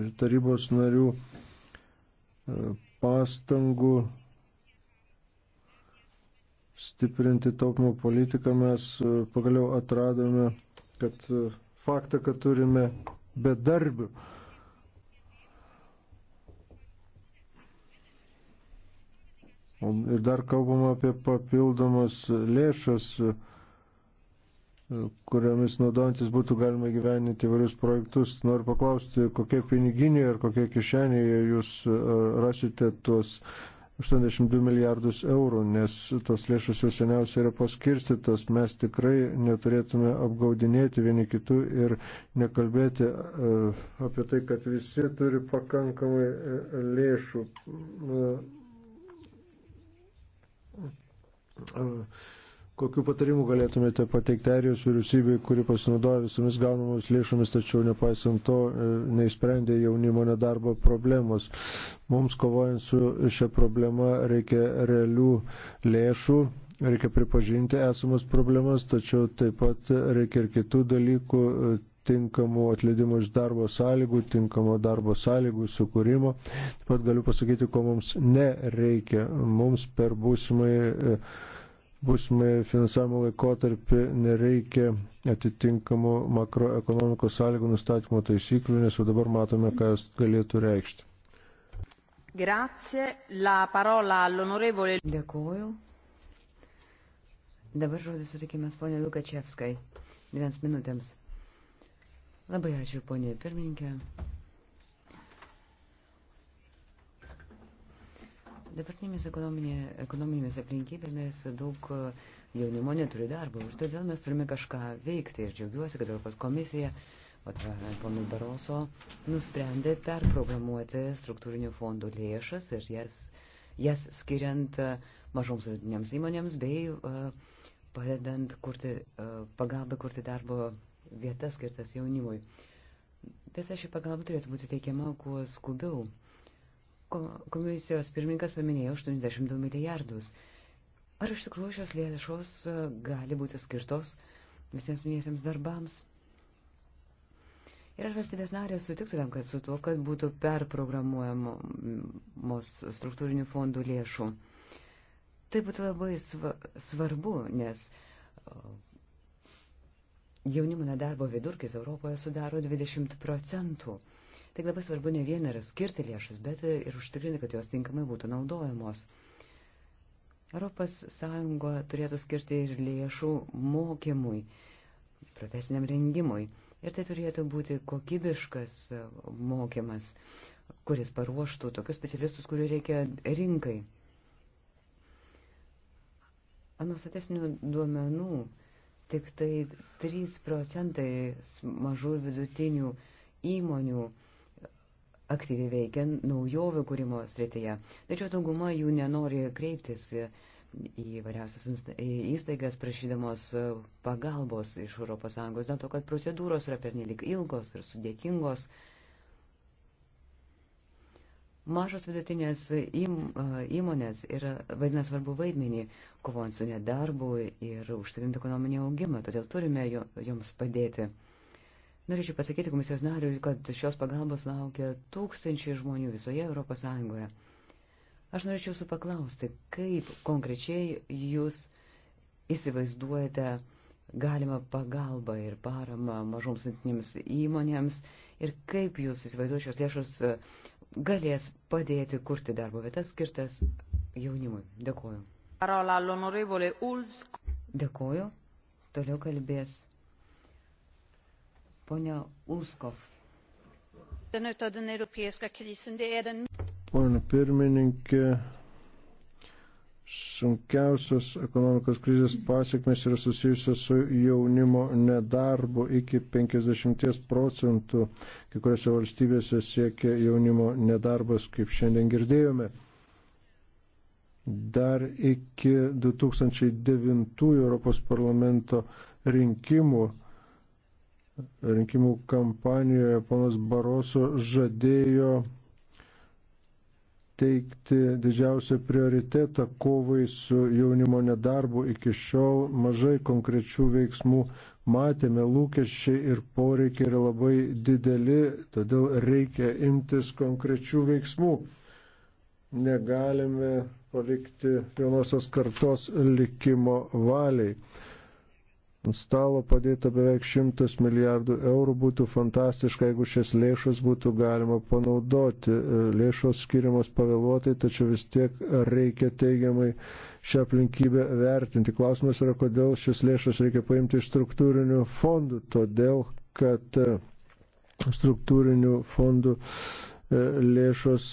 ir tarybos narių e, pastangų stiprinti taupimo politiką, mes e, pagaliau atradome, kad e, faktą, kad turime bedarbių. Ir dar kalbama apie papildomas lėšas, e, kuriomis naudojantis būtų galima gyveninti įvairius projektus. Noriu paklausti, kokie piniginiai ar kokie kišeniai jūs rasite tuos 82 milijardus eurų, nes tos lėšos jau seniausiai yra paskirstytos. Mes tikrai neturėtume apgaudinėti vieni kitų ir nekalbėti uh, apie tai, kad visi turi pakankamai uh, lėšų. Uh, Kokiu patarimu galėtumėte pateikti Airijos vyriausybei, kuri pasinaudoja visomis gaunamomis lėšomis, tačiau nepaisant to e, neįsprendė jaunimo nedarbo problemos. Mums kovojant su šia problema reikia realių lėšų, reikia pripažinti esamas problemas, tačiau taip pat reikia ir kitų dalykų e, tinkamų atleidimų iš darbo sąlygų, tinkamo darbo sąlygų sukūrimo. Taip pat galiu pasakyti, ko mums nereikia. Mums per būsimai e, būsimai finansavimo laikotarpį nereikia atitinkamų makroekonomikos sąlygų nustatymo taisyklių, nes jau dabar matome, ką jos galėtų reikšti. Grazie. La parola all'onorevole. Dėkuoju. Dabar žodį sutikimės ponė Lukačevskai. Dviems minutėms. Labai ačiū, ponė pirmininkė. Dabartinėmis ekonominėmis aplinkybėmis daug e, jaunimo neturi darbo ir todėl mes turime kažką veikti. Ir džiaugiuosi, kad Europos komisija, ponui Baroso, nusprendė perprogramuoti struktūrinių fondų lėšas ir jas, jas skiriant e, mažoms vidutinėms įmonėms bei e, padedant kurti, pagalbą kurti darbo vietas skirtas jaunimui. Visa ši pagalba turėtų būti teikiama kuo skubiau. Komisijos pirmininkas paminėjo 82 milijardus. Ar iš tikrųjų šios lėšos e, gali būti skirtos visiems minėsiams darbams? Ir ar valstybės narės sutiktų tam, kad su tuo, kad būtų perprogramuojamos struktūrinių fondų lėšų? Tai būtų labai svarbu, nes e, jaunimo nedarbo vidurkis Europoje sudaro 20 procentų. Tik labai svarbu ne vien yra skirti lėšas, bet ir užtikrinti, kad jos tinkamai būtų naudojamos. Europos Sąjunga turėtų skirti ir lėšų mokymui, profesiniam rengimui. Ir tai turėtų būti kokybiškas mokymas, kuris paruoštų tokius specialistus, kurių reikia rinkai. Anustatesnių duomenų tik tai 3 procentai mažų ir vidutinių įmonių aktyviai veikia naujovių kūrimo srityje. Tačiau dauguma jų nenori kreiptis į variausias įstaigas prašydamos e, pagalbos iš ES dėl to, kad procedūros yra pernelik ilgos ir sudėtingos. Mažos vidutinės e, įmonės yra vaidina svarbu vaidmenį, kovojant su nedarbu ir užtikrinti ekonominį augimą, todėl turime joms padėti. Norėčiau pasakyti komisijos nariui, kad šios pagalbos laukia tūkstančiai žmonių visoje Europos Sąjungoje. Aš norėčiau jūsų paklausti, kaip konkrečiai jūs įsivaizduojate galima pagalbą ir paramą mažoms vidutinėms įmonėms ir kaip jūs įsivaizduojate šios lėšos e, galės padėti kurti darbo vietas skirtas jaunimui. Dėkuoju. Dėkuoju. Toliau kalbės Pone Ulskov. Pone pirmininkė, sunkiausios ekonomikos krizės pasiekmes yra susijusios su jaunimo nedarbu iki 50 procentų. Kai kuriuose valstybėse siekia jaunimo nedarbas, kaip šiandien girdėjome. Dar iki 2009 Europos parlamento rinkimų rinkimų kampanijoje ponas Baroso žadėjo teikti didžiausią prioritetą kovai su jaunimo nedarbu. Iki šiol mažai konkrečių veiksmų matėme, lūkesčiai ir poreikiai yra labai dideli, todėl reikia imtis konkrečių veiksmų. Negalime palikti jaunosios kartos likimo valiai ant stalo padėta beveik 100 milijardų eurų, būtų fantastiška, jeigu šias lėšas būtų galima panaudoti. E, lėšos skiriamos pavėluotai, tačiau vis tiek reikia teigiamai šią aplinkybę vertinti. Klausimas yra, kodėl šias lėšas reikia paimti iš struktūrinių fondų. Todėl, kad e, struktūrinių fondų e, lėšos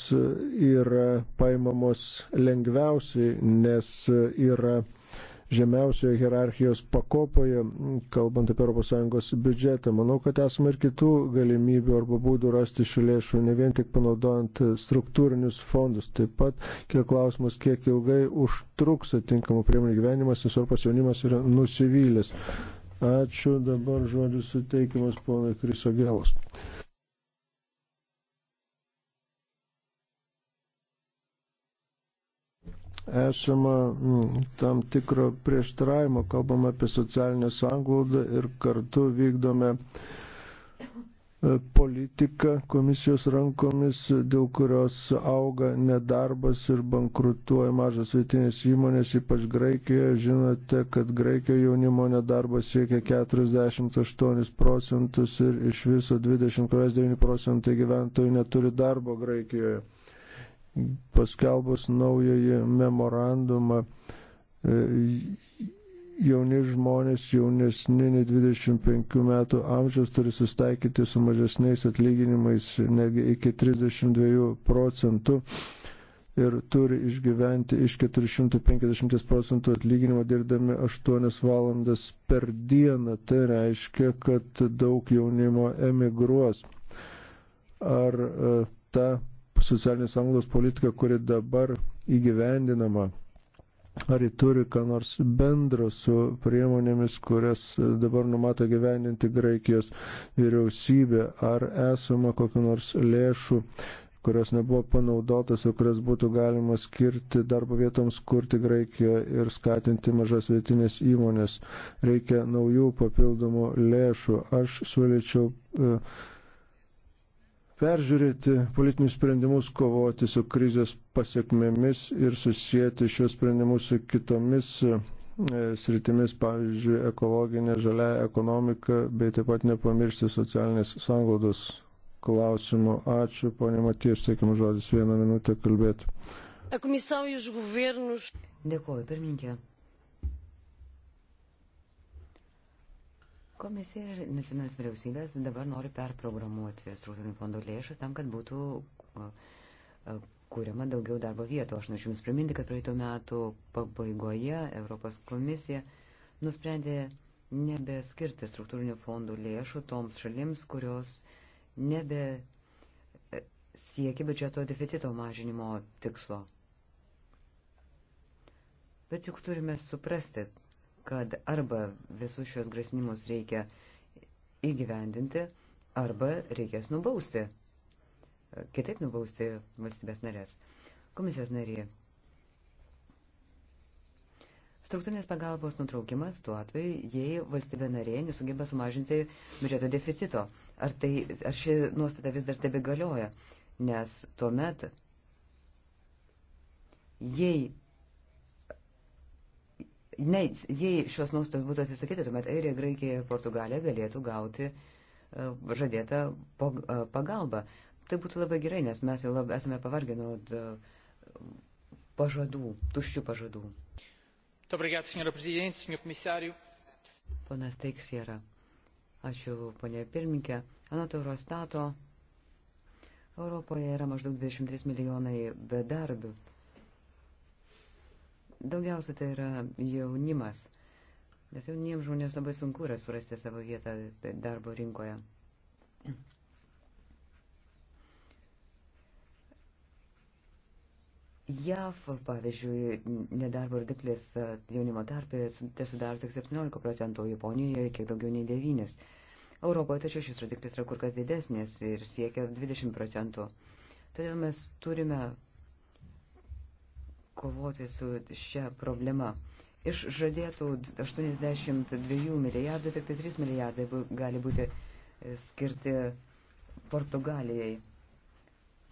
yra paimamos lengviausiai, nes yra žemiausioje hierarchijos pakopoje, kalbant apie ES biudžetą. Manau, kad esame ir kitų galimybių arba būdų rasti šių lėšų, ne vien tik panaudojant struktūrinius fondus. Taip pat kiek klausimas, kiek ilgai užtruks atinkamų priemonių gyvenimas, nes Europos jaunimas yra nusivylęs. Ačiū, dabar žodis suteikimas ponui Kriso Gėlos. esama mm, tam tikro prieštaravimo, kalbam apie socialinę sąnglaudą ir kartu vykdome e, politiką komisijos rankomis, dėl kurios auga nedarbas ir bankrutuoja mažas vietinės įmonės, ypač Graikijoje. Žinote, kad Graikijoje jaunimo nedarbas siekia 48 procentus ir iš viso 20,9 procentai gyventojų neturi darbo Graikijoje paskelbus naująjį memorandumą, e, jauni žmonės, jaunesni nei 25 metų amžiaus turi sustaikyti su mažesniais atlyginimais negi iki 32 procentų ir turi išgyventi iš 450 procentų atlyginimo dirbdami 8 valandas per dieną. Tai reiškia, kad daug jaunimo emigruos. Ar e, ta socialinės anglos politika, kuri dabar įgyvendinama, ar ji turi ką nors bendro su priemonėmis, kurias dabar numato gyvendinti Graikijos vyriausybė, ar esama kokiu nors lėšų kurios nebuvo panaudotas ir kurias būtų galima skirti darbo vietoms kurti Graikijoje ir skatinti mažas vietinės įmonės. Reikia naujų papildomų lėšų. Aš siūlyčiau uh, peržiūrėti politinius sprendimus, kovoti su krizės pasiekmėmis ir susijęti šios sprendimus su kitomis e, sritimis, pavyzdžiui, ekologinė, žalia ekonomika, bei taip pat nepamiršti socialinės sanglaudos klausimų. Ačiū, ponė Matijas, sakykim, žodis vieną minutę kalbėti. E Dėkuoju, pirmininkė. Komisija ir nacionalinės vyriausybės dabar nori perprogramuoti struktūrinių fondų lėšas tam, kad būtų kūriama daugiau darbo vietų. Aš norėčiau Jums priminti, kad praeito metų pabaigoje Europos komisija nusprendė nebeskirti struktūrinių fondų lėšų toms šalims, kurios nebe e, siekia biudžeto deficito mažinimo tikslo. Bet juk turime suprasti, kad arba visus šios grasinimus reikia įgyvendinti, arba reikės nubausti, kitaip nubausti valstybės narės. Komisijos narė. Struktūrinės pagalbos nutraukimas tuo atveju, jei valstybė narė nesugeba sumažinti biudžeto deficito. Ar, tai, ar ši nuostata vis dar tebe galioja? Nes tuomet, jei ne, jei šios nuostatos būtų atsisakyti, tuomet Airija, Graikija ir Portugalija galėtų gauti e, žadėtą e, pagalbą. Tai būtų labai gerai, nes mes jau labai esame pavargę nuo e, pažadų, tuščių pažadų. Obrigado, senhora Presidente, senhor Comissário. Ponas Teiksiera. Ačiū, ponė pirmininkė. Anot Eurostato, Europoje yra maždaug 23 milijonai bedarbių. Daugiausia tai yra jaunimas, nes jauniems žmonėms labai sunku yra surasti savo vietą darbo rinkoje. JAV, pavyzdžiui, nedarbo rodiklis jaunimo tarpė tesudaro tai tik 17 procentų, Japonijoje kiek daugiau nei 9. Europoje tačiau šis rodiklis yra kur kas didesnis ir siekia 20 procentų. Todėl mes turime kovoti su šia problema. Iš žadėtų 82 milijardų tik tai 3 milijardai gali būti e, skirti Portugalijai.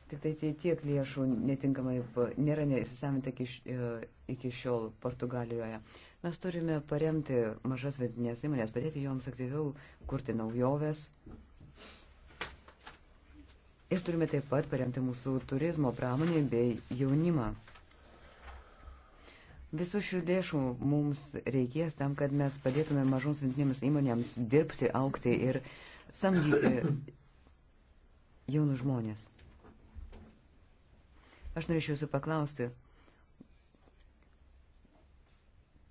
Tik tai tiek lėšų netinkamai nėra neįsisavinta iki, e, iki šiol Portugalijoje. Mes turime paremti mažas vidinės įmonės, padėti joms aktyviau kurti naujoves. Ir turime taip pat paremti mūsų turizmo pramonį bei jaunimą. Visų šių lėšų mums reikės tam, kad mes padėtume mažoms vidinėms įmonėms dirbti, aukti ir samdyti jaunus žmonės. Aš norėčiau jūsų paklausti,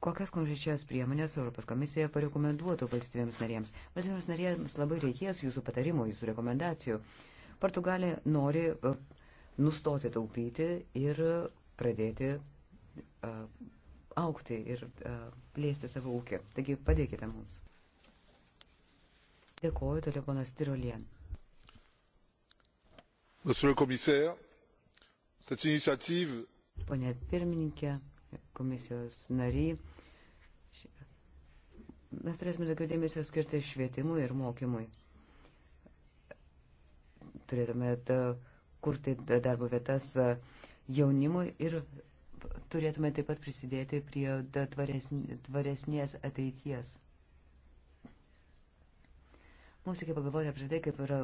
kokias konkrečias priemonės Europos komisija parekomenduotų valstybėms narėms. Valstybėms narėms labai reikės jūsų patarimų, jūsų rekomendacijų. Portugalė nori e, nustoti taupyti ir pradėti aukti ir plėsti savo ūkį. Taigi padėkite mums. Dėkuoju, toliau ponas Tirolien. Monsieur le commissaire, cette initiative. Pone pirmininkė, komisijos nary, mes turėsime daugiau dėmesio skirti švietimui ir mokymui. Turėtume kurti darbo vietas jaunimui ir turėtume taip pat prisidėti prie tvaresnės ateities. Mums reikia pagalvoti apie tai, kaip yra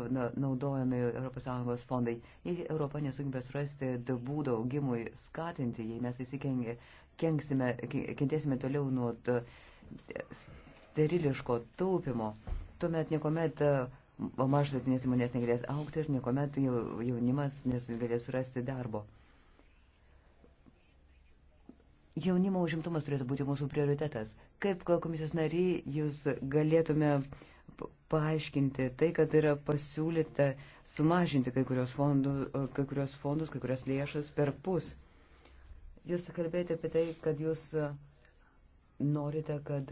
naudojami ES fondai. Jei Europa nesugebė surasti būdų augimui skatinti, jei mes visi kenksime, kentėsime toliau nuo steriliško taupimo, tuomet niekuomet mažas įmonės negalės aukti ir niekuomet jaunimas nesugebės surasti darbo. Jaunimo užimtumas turėtų būti mūsų prioritetas. Kaip komisijos nariai jūs galėtume paaiškinti tai, kad yra pasiūlyta sumažinti kai kurios fondus, kai kurios, fondus, kai kurios lėšas per pus. Jūs kalbėjote apie tai, kad jūs norite, kad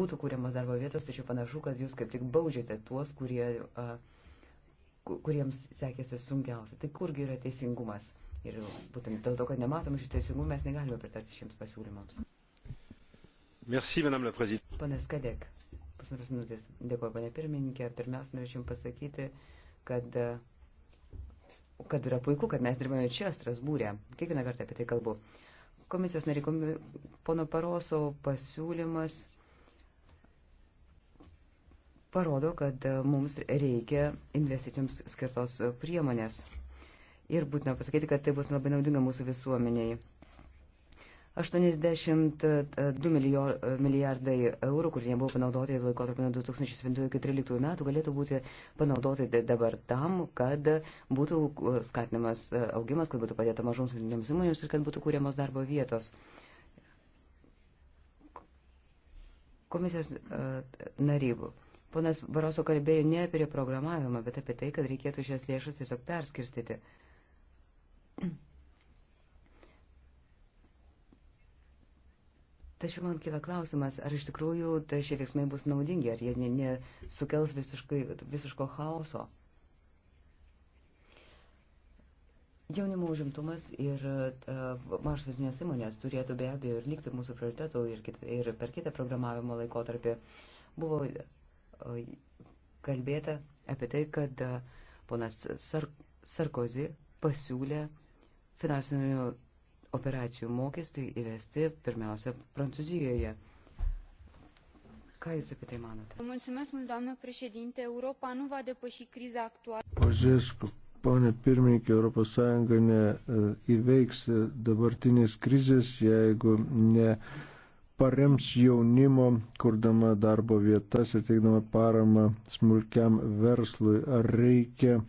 būtų kūriamas darbo vietos, tačiau panašu, kad jūs kaip tik baudžiate tuos, kurie, kuriems sekėsi sunkiausia. Tai kurgi yra teisingumas? Ir būtent dėl to, kad nematom šių teisingų, mes negalime pritarti šiems pasiūlymams. Merci, madame la prezidente. Panas Kadek, pusantros minutės. Dėkuoju, panė pirmininkė. Pirmiausia, norėčiau pasakyti, kad, kad yra puiku, kad mes dirbame čia, Strasbūrė. Kiekvieną kartą apie tai kalbu. Komisijos nariai, pono Paroso pasiūlymas parodo, kad mums reikia investicijoms skirtos priemonės ir būtina pasakyti, kad tai bus labai naudinga mūsų visuomeniai. 82 milijo, milijardai eurų, kurie nebuvo panaudoti laikotarpio nuo 2007-2013 metų, galėtų būti panaudoti dabar tam, kad būtų skatinamas augimas, kad būtų padėta mažoms vidinėms įmonėms ir kad būtų kūriamos darbo vietos. Komisijos e, narybų. Ponas Baroso kalbėjo ne apie programavimą, bet apie tai, kad reikėtų šias lėšas tiesiog perskirstyti. Tačiau man kila klausimas, ar iš tikrųjų tai šie veiksmai bus naudingi, ar jie nesukels visiškai, visiško chaoso. Jaunimo užimtumas ir uh, mažos įmonės turėtų be abejo ir likti mūsų prioritetų ir, kit, ir per kitą programavimo laikotarpį. Buvo uh, kalbėta apie tai, kad uh, ponas Sar Sarkozy pasiūlė uh, finansinių operacijų mokestį įvesti pirmiausia Prancūzijoje. Ką Jūs apie tai manote? Mulțumesc mult, doamnă președinte. Europa nu va depăși criza actuală. Pažėsku, ponė pirmininkė, Europos Sąjunga neįveiks e, dabartinės krizės, jeigu ne parems jaunimo, kurdama darbo vietas ir teikdama paramą smulkiam verslui. Ar reikia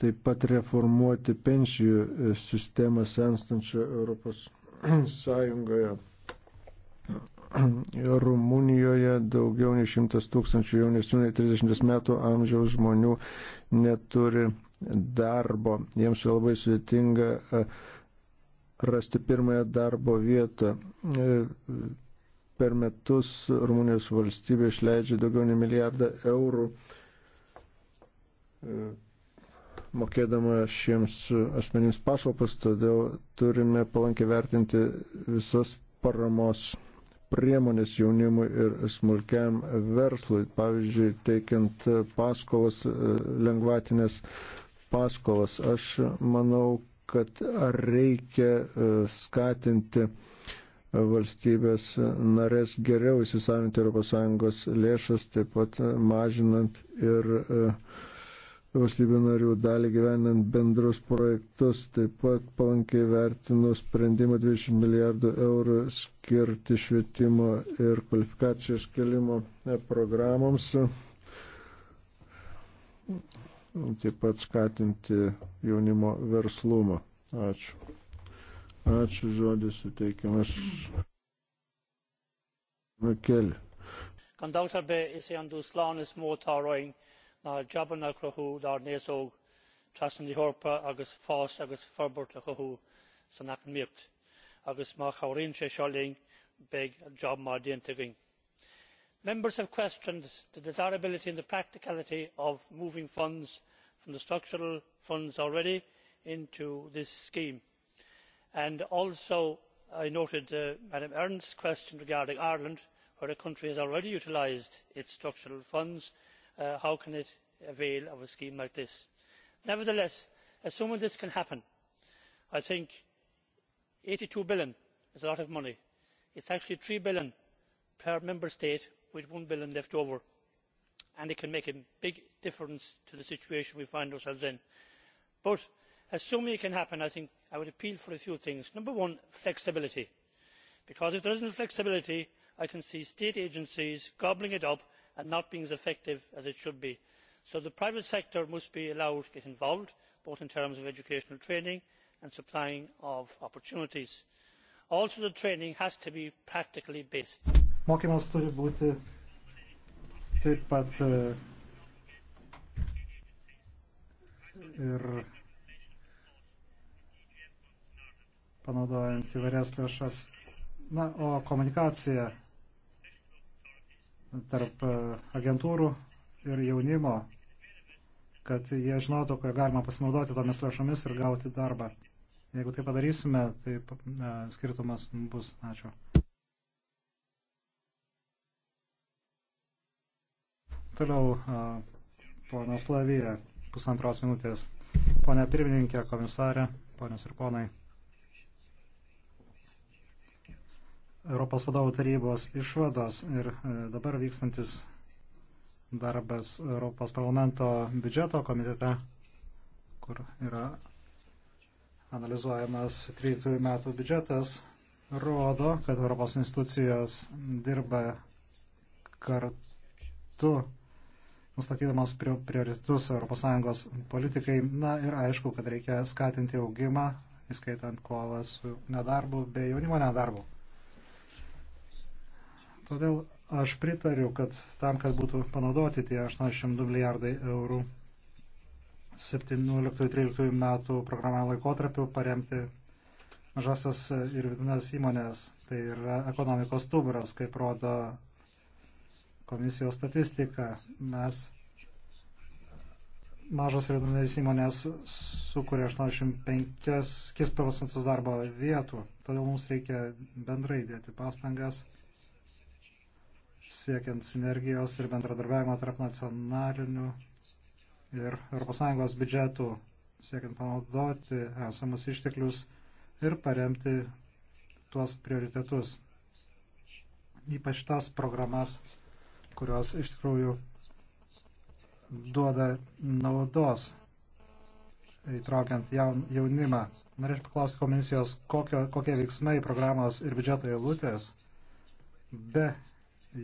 taip pat reformuoti pensijų e, sistemą senstančią Europos <clears throat> Sąjungoje. <clears throat> Rumunijoje daugiau nei 100 tūkstančių jaunesnių nei 30 metų amžiaus žmonių neturi darbo. Jiems yra labai sudėtinga e, rasti pirmąją darbo vietą. E, per metus Rumunijos valstybė išleidžia daugiau nei milijardą eurų mokėdama šiems asmenims pašalpas, todėl turime palankiai vertinti visas paramos priemonės jaunimui ir smulkiam verslui, pavyzdžiui, teikiant paskolas, lengvatinės paskolas. Aš manau, kad reikia e, skatinti valstybės narės geriau įsisavinti ES lėšas, taip pat mažinant ir uh, valstybių narių dalį gyvenant bendrus projektus. Taip pat palankiai vertinu sprendimą 20 milijardų eurų skirti švietimo ir kvalifikacijos kelimo e, programoms. Taip pat skatinti jaunimo verslumą. Ačiū. Ačiū žodis suteikiamas. Mekeli. Conductor be is an dus launis motor roing ná jobbanna crochu lár nés óg trasna na heorpa agus fós agus forbairt a chothú san aicmíocht agus má chabhraíonn sé seo léinn beidh job mar déanta againn. members have questioned the desirability and the practicality of moving funds from the structural funds already into this scheme and also i noted uh, ms ernst's question regarding ireland where a country has already utilised its structural funds Uh, how can it avail of a scheme like this? nevertheless assuming this can happen i think eur eighty two billion is a lot of money. it is actually eur three billion per member state with eur one billion left over and it can make a big difference to the situation we find ourselves in. but assuming it can happen i think i would appeal for a few things. number one flexibility because if there is no flexibility i can see state agencies gobbling it and not being as effective as it should be. so the private sector must be allowed to get involved both in terms of educational training and supplying of opportunities. also the training has to be practically based. mokymas turi būti taip pat e, ir panaudojant įvairias lėšas. Na, o komunikacija tarp e, agentūrų ir jaunimo, kad jie žinotų, kad galima pasinaudoti tomis lėšomis ir gauti darbą. Jeigu tai padarysime, tai e, skirtumas bus. Ačiū. Toliau e, ponas Lavija, pusantros minutės. Pone pirmininkė, komisarė, ponios ir ponai. Europos vadovų tarybos išvados ir e, dabar vykstantis darbas Europos parlamento biudžeto komitete, kur yra analizuojamas 13 metų biudžetas, rodo, kad Europos institucijos dirba kartu nustatydamas prioritus ES politikai. Na ir aišku, kad reikia skatinti augimą, įskaitant kovą su nedarbu bei jaunimo nedarbu. Todėl aš pritariu, kad tam, kad būtų panaudoti tie 82 milijardai eurų 17-13 metų programą laikotarpiu paremti mažasias ir vidutinės įmonės. Tai yra ekonomikos stuburas, kaip rodo komisijos statistika. Mes mažos ir vidutinės įmonės sukuria 85 procentus darbo vietų. Todėl mums reikia bendrai dėti pastangas siekiant sinergijos ir bendradarbiavimo tarp nacionalinių ir ES biudžetų, siekiant panaudoti esamus išteklius ir paremti tuos prioritetus. Ypač tas programas, kurios iš tikrųjų duoda naudos įtraukiant jaun, jaunimą. Norėčiau paklausti komisijos, kokio, kokie veiksmai programos ir biudžeto eilutės be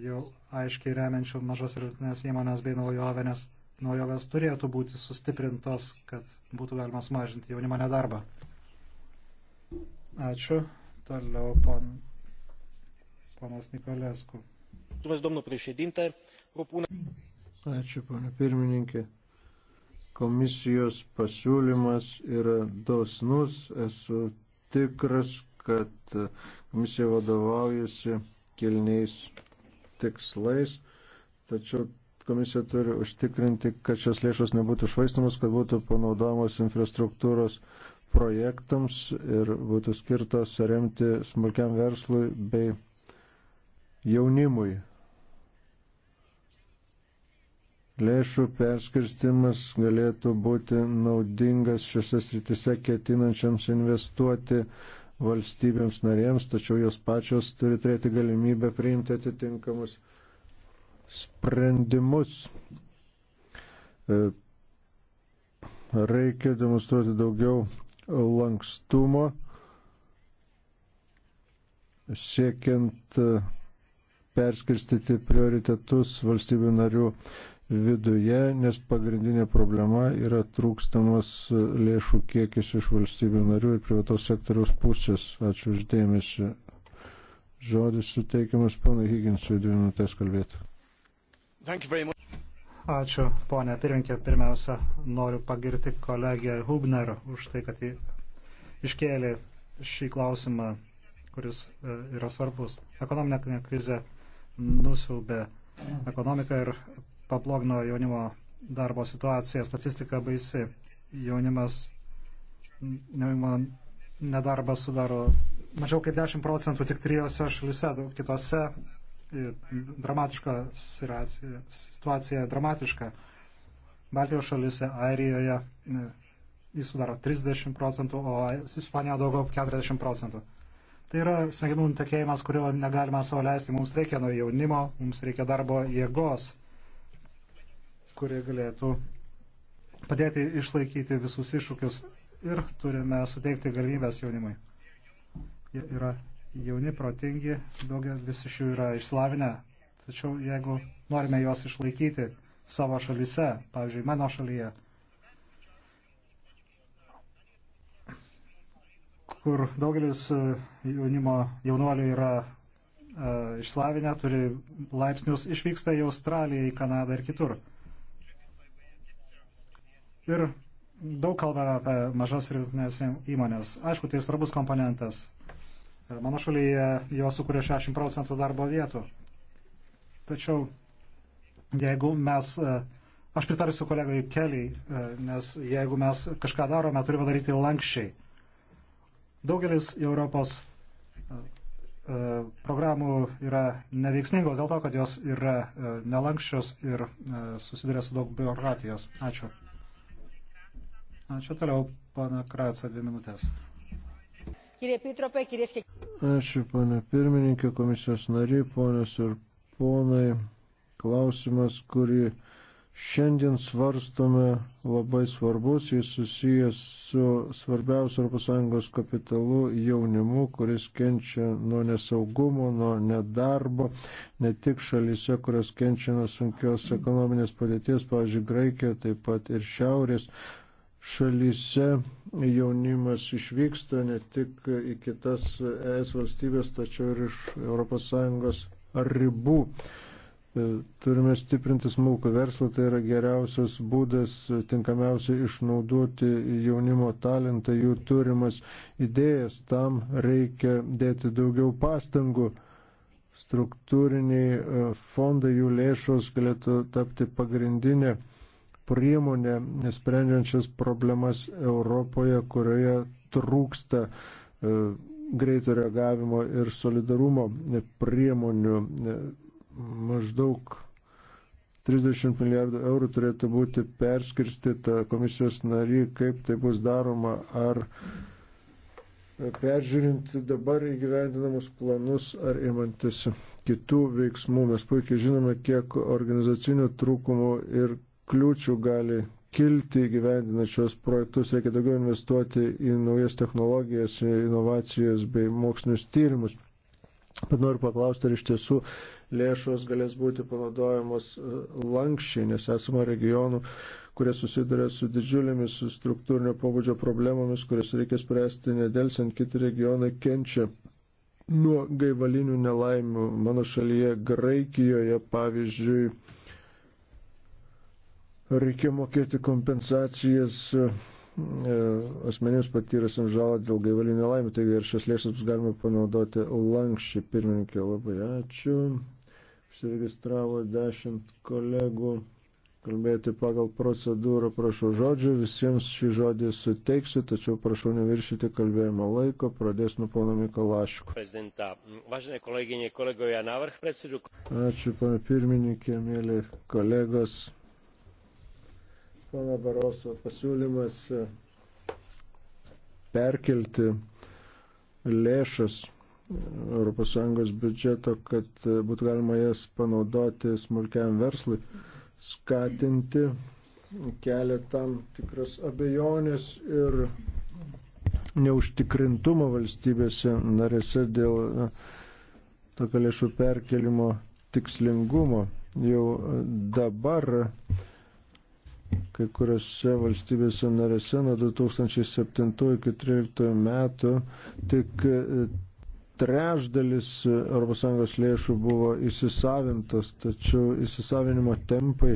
jau aiškiai remiančių mažas ir vidutinės įmonės bei naujovenės. Naujovės turėtų būti sustiprintos, kad būtų galima sumažinti jaunimo nedarbą. Ačiū. Toliau pon, ponas Nikolesku. Ačiū, ponė pirmininkė. Komisijos pasiūlymas yra dosnus. Esu tikras, kad uh, komisija vadovaujasi kilniais tikslais, tačiau komisija turi užtikrinti, kad šios lėšos nebūtų švaistamos, kad būtų panaudojamos infrastruktūros projektams ir būtų skirtos remti smulkiam verslui bei jaunimui. Lėšų perskirstimas galėtų būti naudingas šiuose sritise ketinančiams investuoti valstybėms narėms, tačiau jos pačios turi turėti galimybę priimti atitinkamus sprendimus. E, reikia demonstruoti daugiau lankstumo, siekiant e, perskirstyti prioritetus valstybių narių viduje, nes pagrindinė problema yra trūkstamas lėšų kiekis iš valstybių narių ir privatos sektoriaus pusės. Ačiū uždėmesi. Žodis suteikiamas ponui Higginsui dvi minutės kalbėti. Ačiū, ponė pirminkė. Pirmiausia, noriu pagirti kolegę Hubner už tai, kad jį iškėlė šį klausimą, kuris e, yra svarbus. Ekonominė krizė nusiaubė ekonomiką ir pablogino jaunimo darbo situaciją. Statistika baisi. Jaunimas, jaunimo nedarbas sudaro mažiau kaip 10 procentų tik trijose šalise, kitose dramatiška situacija, dramatiška. Baltijos šalise, Airijoje jis sudaro 30 procentų, o Ispanija daugiau 40 procentų. Tai yra smegenų nutekėjimas, kurio negalima savo leisti. Mums reikia nuo jaunimo, mums reikia darbo jėgos kuri galėtų padėti išlaikyti visus iššūkius ir turime suteikti galimybės jaunimui. Jie yra jauni, protingi, daugelis iš jų yra išslavinę, tačiau jeigu norime juos išlaikyti savo šalyse, pavyzdžiui, mano šalyje, kur daugelis e, jaunimo jaunuolių yra e, išslavinę, turi laipsnius, išvyksta į Australiją, į Kanadą ir kitur. Ir daug kalbame apie mažas ir vidutinės įmonės. Aišku, tai svarbus komponentas. Mano šalyje jo sukuria 60 procentų darbo vietų. Tačiau jeigu mes, e, aš pritarsiu kolegai Keliai, e, nes jeigu mes kažką darome, turime daryti lankščiai. Daugelis Europos e, programų yra neveiksmingos dėl to, kad jos yra nelankščios ir susiduria su daug biurokratijos. Ačiū. Ačiū toliau, pana Kratsa, dvi minutės. Ačiū, pana pirmininkė, komisijos nariai, ponios ir ponai. Klausimas, kurį šiandien svarstome, labai svarbus, jis susijęs su svarbiausiu ES kapitalu jaunimu, kuris kenčia nuo nesaugumo, nuo nedarbo, ne tik šalyse, kurios kenčia nuo sunkios ekonominės padėties, pavyzdžiui, Graikija, taip pat ir Šiaurės šalyse jaunimas išvyksta ne tik į kitas ES valstybės, tačiau ir iš ES ribų. E, turime stiprinti smulkų verslą, tai yra geriausias būdas tinkamiausiai išnaudoti jaunimo talentą, jų turimas idėjas, tam reikia dėti daugiau pastangų. Struktūriniai e, fondai, jų lėšos galėtų tapti pagrindinė priemonė, sprendžiančias problemas Europoje, kurioje trūksta e, greito reagavimo ir solidarumo priemonių. E, maždaug 30 milijardų eurų turėtų būti perskirstyta komisijos nariai, kaip tai bus daroma, ar peržiūrint dabar įgyvendinamus planus, ar imantis kitų veiksmų. Mes puikiai žinome, kiek organizacinių trūkumų ir kliūčių gali kilti gyvendinant šios projektus. Reikia daugiau investuoti į naujas technologijas, inovacijas bei mokslinius tyrimus. Bet noriu paklausti, ar iš tiesų lėšos galės būti panaudojamos e, lankščiai, nes esama regionų, kurie susiduria su didžiulėmis su struktūrinio pobūdžio problemomis, kurias reikia spręsti nedelsiant, kiti regionai kenčia nuo gaivalinių nelaimių. Mano šalyje Graikijoje, pavyzdžiui, reikia mokėti kompensacijas e, asmenims patyrusiam žalą dėl gaivalinių nelaimių, taigi ir šios lėšas bus galima panaudoti lankščiai. Pirmininkė, labai ačiū. Užsiregistravo dešimt kolegų kalbėti pagal procedūrą, prašau žodžių, visiems šį žodį suteiksiu, tačiau prašau neviršyti kalbėjimo laiko, pradės nuo pono Mikolaško. Ačiū, pana pirmininkė, mėly kolegos pono Baroso pasiūlymas e, perkelti lėšas ES biudžeto, kad e, būtų galima jas panaudoti smulkiam verslui, skatinti kelia tam tikras abejonės ir neužtikrintumo valstybėse narėse dėl e, tokio lėšų perkelimo tikslingumo. Jau dabar kai kuriuose valstybėse narėse nuo 2007 iki 2013 metų tik e, trešdalis ES lėšų buvo įsisavintas, tačiau įsisavinimo tempai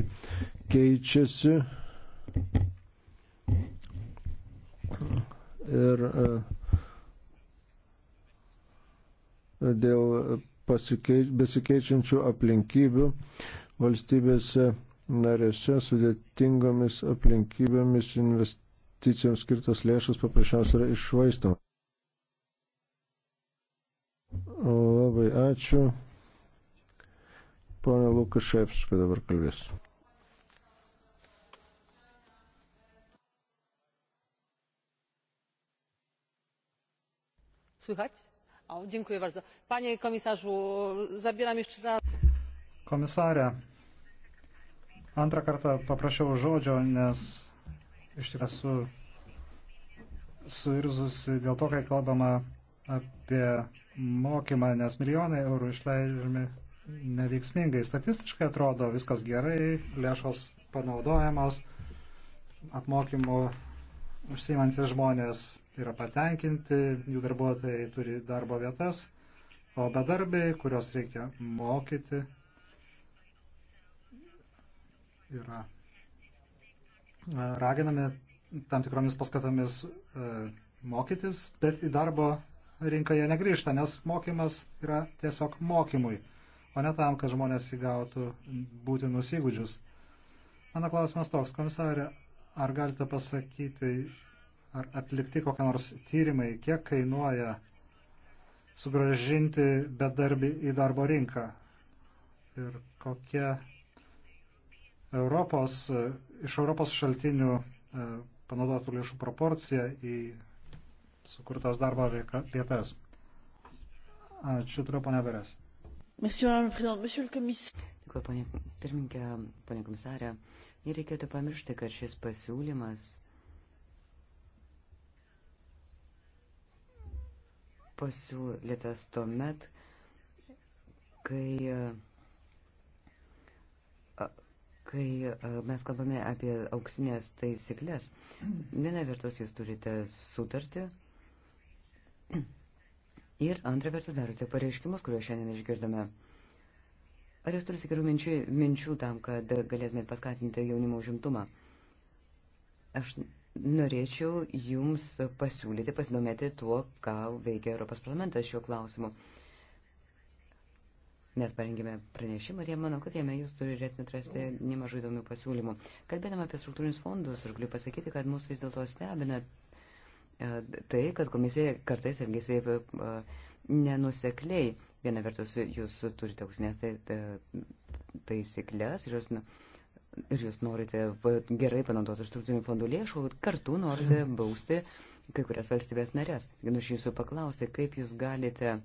keičiasi. Ir e, dėl besikeičiančių aplinkybių valstybėse narėse sudėtingomis aplinkybėmis investicijoms skirtos lėšos paprasčiausiai yra iššvaistoma. Labai ačiū. Pone Lukaševska dabar kalbės. Słychać? O, dziękuję bardzo. Panie komisarzu, zabieram jeszcze raz. Komisarze, Antrą kartą paprašiau žodžio, nes iš tikrųjų esu suirzusi dėl to, kai kalbama apie mokymą, nes milijonai eurų išleidžiami neveiksmingai. Statistiškai atrodo viskas gerai, lėšos panaudojamos, apmokymo užsimantis žmonės yra patenkinti, jų darbuotojai turi darbo vietas, o bedarbiai, kurios reikia mokyti, yra e, raginami tam tikromis paskatomis e, mokytis, bet į darbo rinką jie negrįžta, nes mokymas yra tiesiog mokymui, o ne tam, kad žmonės įgautų būtinus įgūdžius. Mano klausimas toks, komisarė, ar galite pasakyti, ar atlikti kokią nors tyrimai, kiek kainuoja sugražinti bedarbį į darbo rinką ir kokie Europos, iš Europos šaltinių e, panaudotų lėšų proporcija į sukurtas darbo vietas. Ačiū, turiu ponia Beres. Dėkui, ponė pirmininkė, ponė komisarė. Nereikėtų pamiršti, kad šis pasiūlymas pasiūlytas tuo met, kai kai e, mes kalbame apie auksinės taisyklės, viena vertus jūs turite sutartį ir antra vertus darote pareiškimus, kuriuos šiandien išgirdome. Ar jūs turite gerų minčių, minčių tam, kad galėtumėte paskatinti jaunimo užimtumą? Aš norėčiau jums pasiūlyti pasidomėti tuo, ką veikia Europos parlamentas šiuo klausimu. Mes parengėme pranešimą ir jie manau, kad jame jūs turėtumėte atrasti nemažai įdomių pasiūlymų. Kalbėdama apie struktūrinius fondus, aš galiu pasakyti, kad mūsų vis dėlto stebina e, tai, kad komisija kartais elgėsi e, nenusekliai. Viena vertus, jūs turite auksinės tai, e, taisyklės ir jūs, ir jūs norite gerai panaudoti struktūrinių fondų lėšų, kartu norite bausti kai kurias valstybės narės. Galiu iš jūsų paklausti, kaip jūs galite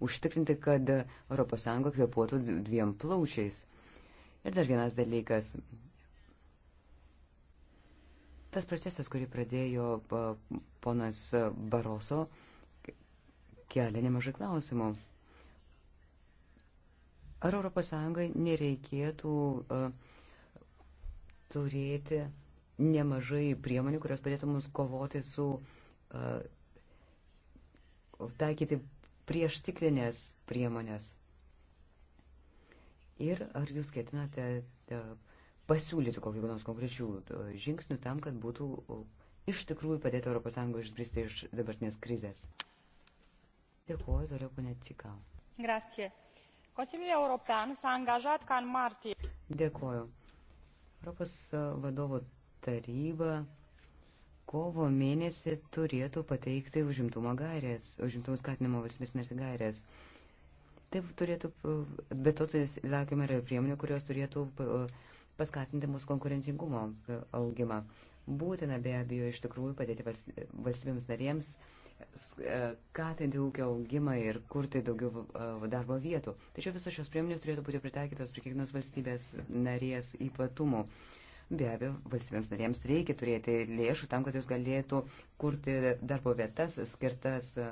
užtikrinti, kad ES kvepuotų dviem plaučiais. Ir dar vienas dalykas. Tas procesas, kurį pradėjo ponas Baroso, kelia nemažai klausimų. Ar ES nereikėtų uh, turėti nemažai priemonių, kurios padėtų mums kovoti su, uh, taikyti prieš ciklinės priemonės. Ir ar jūs ketinate e, pasiūlyti kokių nors konkrečių e, žingsnių tam, kad būtų iš tikrųjų padėti ES išbristi iš dabartinės krizės? Dėkuoju, toliau ponė Cikau. Grazie. Consiliul European s-a angajat ca în martie. Dėkuoju. Europos e, vadovų taryba kovo mėnesį turėtų pateikti užimtumo gairės, užimtumo skatinimo valstybės gairės. Taip turėtų, bet to tai laukiame ir priemonių, kurios turėtų e, paskatinti mūsų konkurencingumo e, augimą. Būtina be abejo iš tikrųjų padėti valstybėms narėms e, skatinti ūkio augimą ir kurti daugiau darbo vietų. Tačiau visos šios priemonės turėtų būti pritaikytos prie kiekvienos valstybės narės ypatumų. Be abejo, valstybėms narėms reikia turėti lėšų tam, kad jūs galėtų kurti darbo vietas skirtas e,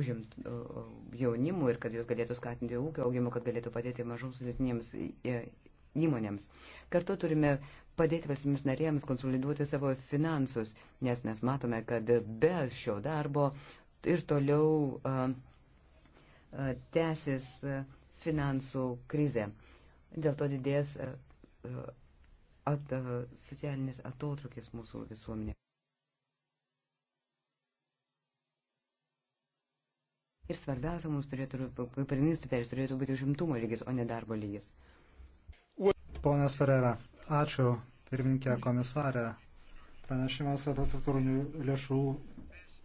užimt e, jaunimų ir kad jūs galėtų skatinti ūkio augimą, kad galėtų padėti mažoms sudėtinėms e, įmonėms. Kartu turime padėti valstybėms narėms konsoliduoti savo finansus, nes mes matome, kad be šio darbo ir toliau uh, uh, tęsis finansų krizė. Dėl to didės uh, at, socialinis atotrukis mūsų visuomenė. Ir svarbiausia, mums turėtų, kaip pagrindinis kriterijus turėtų būti užimtumo lygis, o ne darbo lygis. Ponas Ferrera, ačiū pirmininkė komisarė. Pranešimas apie struktūrinių lėšų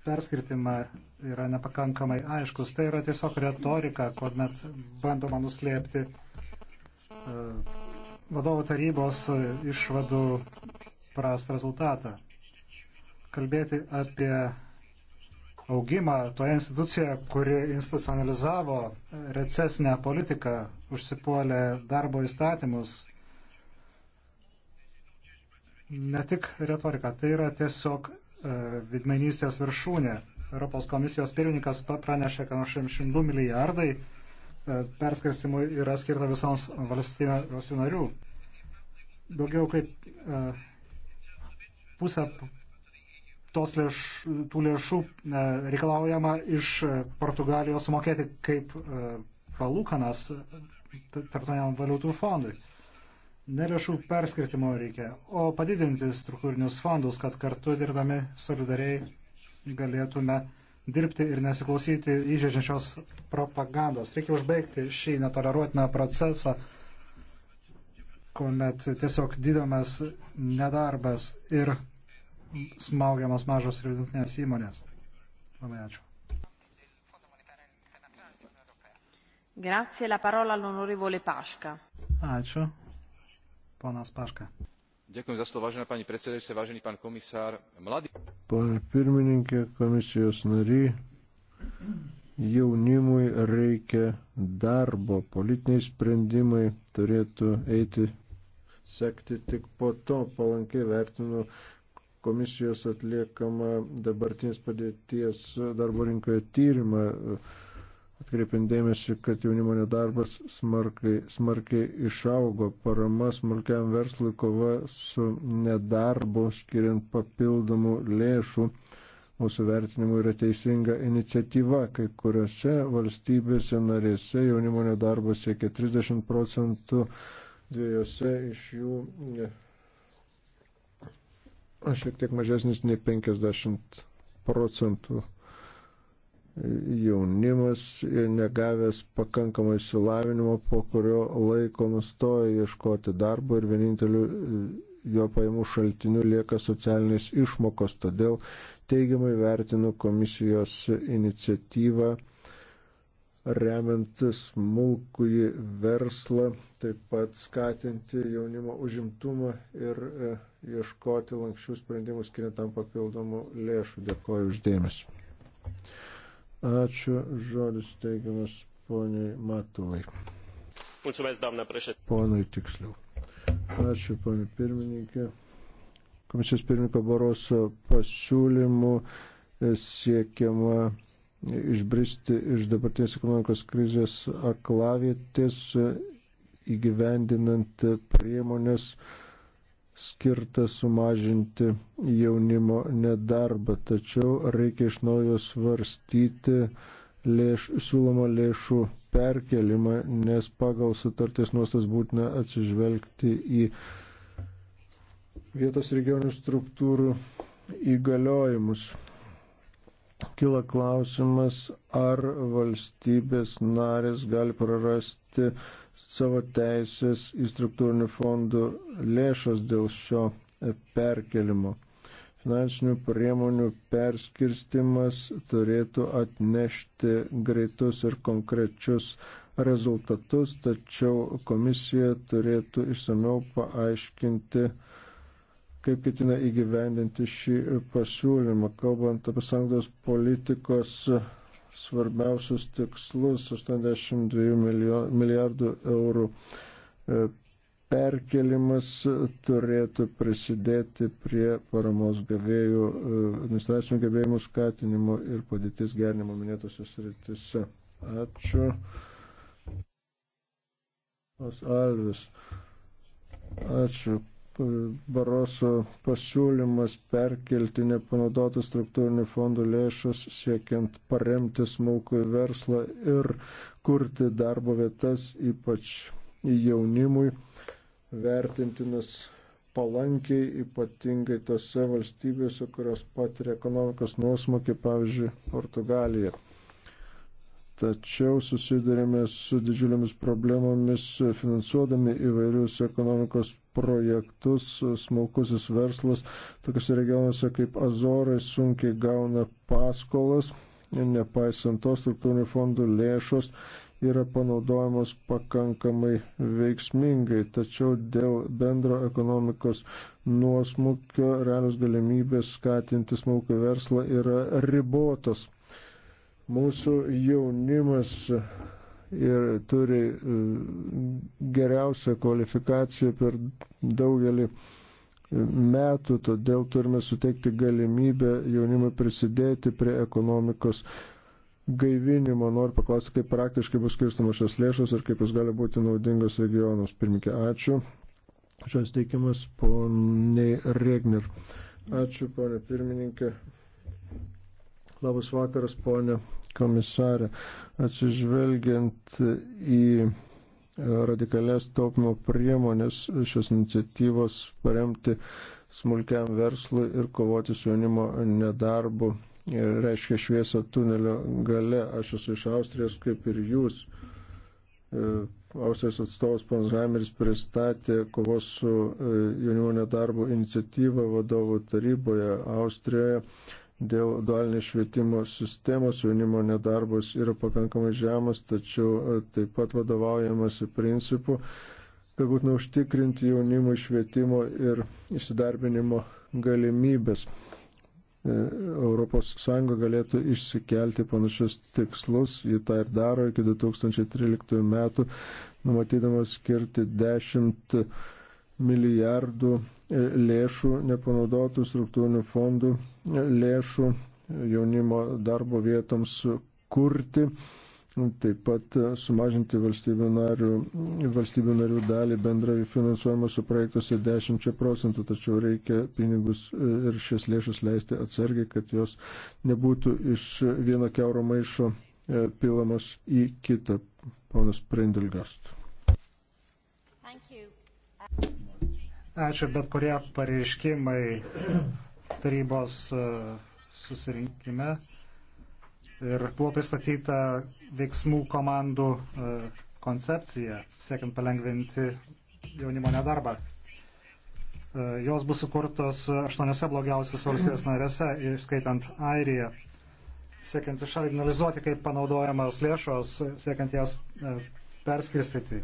perskirtimą yra nepakankamai aiškus. Tai yra tiesiog retorika, kuomet bandoma nuslėpti uh, vadovų tarybos išvadų prastą rezultatą. Kalbėti apie augimą toje institucijoje, kuri institucionalizavo recesinę politiką, užsipuolė darbo įstatymus, ne tik retorika, tai yra tiesiog e, vidmenystės viršūnė. Europos komisijos pirmininkas pranešė, kad 82 milijardai E, perskirstimui yra skirta visoms valstybės narių. Daugiau kaip e, pusę tos lėš, tų lėšų e, reikalaujama iš Portugalijos sumokėti kaip palūkanas tarptautiniam valiutų fondui. Ne lėšų perskirtimo reikia, o padidinti struktūrinius fondus, kad kartu dirbdami solidariai galėtume uh, dirbti ir nesiklausyti įžeidžiančios propagandos. Reikia užbaigti šį netoleruotiną procesą, kuomet tiesiog didamas nedarbas ir smaugiamas mažos ir vidutinės įmonės. Labai ačiū. Grazie, la parola all'onorevole Paška. Ačiū. Ponas Paška. Pane pirmininkė, komisijos nary, jaunimui reikia darbo, politiniai sprendimai turėtų eiti, sekti tik po to, palankiai vertinu komisijos atliekamą dabartinės padėties darbo rinkoje tyrimą atkreipiant dėmesį, kad jaunimo nedarbas smarkai, smarkiai išaugo, parama smulkiam verslui kova su nedarbu, skiriant papildomų lėšų, mūsų vertinimu yra teisinga iniciatyva. Kai kuriuose valstybėse narėse jaunimo nedarbas siekia 30 procentų, dviejose iš jų e, šiek tiek mažesnis nei 50 procentų jaunimas negavęs pakankamai išsilavinimo, po kurio laiko nustoja ieškoti darbo ir vieninteliu e, jo paimų šaltiniu lieka socialinės išmokos. Todėl teigiamai vertinu komisijos iniciatyvą remiant smulkųjį verslą, taip pat skatinti jaunimo užimtumą ir e, ieškoti lankščių sprendimų skiriant tam papildomų lėšų. Dėkuoju uždėmesi. Ačiū, žodis teigiamas poniai Matulai. Mulțumesc, doamnă președinte. Ponui tiksliau. Ačiū, ponė pirmininkė. Komisijos pirmininko Baroso pasiūlymų e, siekiama išbristi iš dabartinės ekonomikos krizės aklavietės e, įgyvendinant priemonės, uh, skirtas sumažinti jaunimo nedarbą, tačiau reikia iš naujo svarstyti lėš, siūlomą lėšų perkelimą, nes pagal sutarties nuostas būtina atsižvelgti į vietos regionių struktūrų įgaliojimus. Kila klausimas, ar valstybės narės gali prarasti savo teisės į struktūrinių fondų lėšas dėl šio e, perkelimo. Finansinių priemonių perskirstimas turėtų atnešti greitus ir konkrečius rezultatus, tačiau komisija turėtų išsameu paaiškinti, kaip ketina įgyvendinti šį pasiūlymą, kalbant apie sankcijos politikos svarbiausius tikslus 82 milijardų eurų e, perkelimas turėtų prisidėti prie paramos gavėjų e, administracinių gebėjimų skatinimo ir padėtis gerinimo minėtosios rytise. Ačiū. Alvis. Ačiū, Baroso pasiūlymas perkelti nepanaudotų struktūrinių fondų lėšas siekiant paremti smulkų verslą ir kurti darbo vietas, ypač jaunimui, vertintinas palankiai, ypatingai tose valstybėse, kurios patiria ekonomikos nuosmokį, pavyzdžiui, Portugalija tačiau susidurėme su didžiulėmis problemomis finansuodami įvairius ekonomikos projektus, smulkusis verslas, tokiuose regionuose kaip Azorai sunkiai gauna paskolas, nepaisant to struktūrinių fondų lėšos yra panaudojamos pakankamai veiksmingai, tačiau dėl bendro ekonomikos nuosmukio realios galimybės skatinti smulkų verslą yra ribotos. Mūsų jaunimas e, ir turi e, geriausią kvalifikaciją per daugelį e, metų, todėl turime suteikti galimybę jaunimui prisidėti prie ekonomikos gaivinimo. Noriu paklausti, kaip praktiškai bus skirstamos šios lėšos ir kaip jis gali būti naudingas regionos. Pirmikė, ačiū. Šios teikimas poniai Regner. Ačiū, ponė pirmininkė. Labas vakaras, ponė komisarė. Atsižvelgiant į e, radikalias taupimo priemonės šios iniciatyvos paremti smulkiam verslui ir kovoti su jaunimo nedarbu. Ir e, reiškia šviesą tunelio gale. Aš esu iš Austrijos kaip ir jūs. E, Austrijos atstovas Pons Hameris pristatė kovos su jaunimo nedarbu iniciatyvą vadovų taryboje Austrijoje dėl dualinės švietimo sistemos jaunimo nedarbas yra pakankamai žemas, tačiau e, taip pat vadovaujamasi principu, kad būtina užtikrinti jaunimo švietimo ir įsidarbinimo galimybės. ES galėtų išsikelti panašius tikslus, ji tą ir daro iki 2013 metų, numatydama skirti 10 milijardų e, lėšų, nepanaudotų struktūrinių fondų e, lėšų e, jaunimo darbo vietoms kurti, taip pat sumažinti valstybių narių, valstybių narių dalį bendrai finansuojamose projektuose 10 procentų, tačiau reikia pinigus ir šias lėšas leisti atsargiai, kad jos nebūtų iš vieno keuro maišo pilamos į kitą. Ponas Prendelgast. Thank you. Ačiū, bet kurie pareiškimai tarybos e, susirinkime ir buvo pristatyta veiksmų komandų e, koncepcija, siekiant palengventi jaunimo nedarbą. E, jos bus sukurtos aštuoniuose blogiausios valstybės narėse, išskaitant Airiją, siekiant išanalizuoti, kaip panaudojamos lėšos, siekiant jas perskirstyti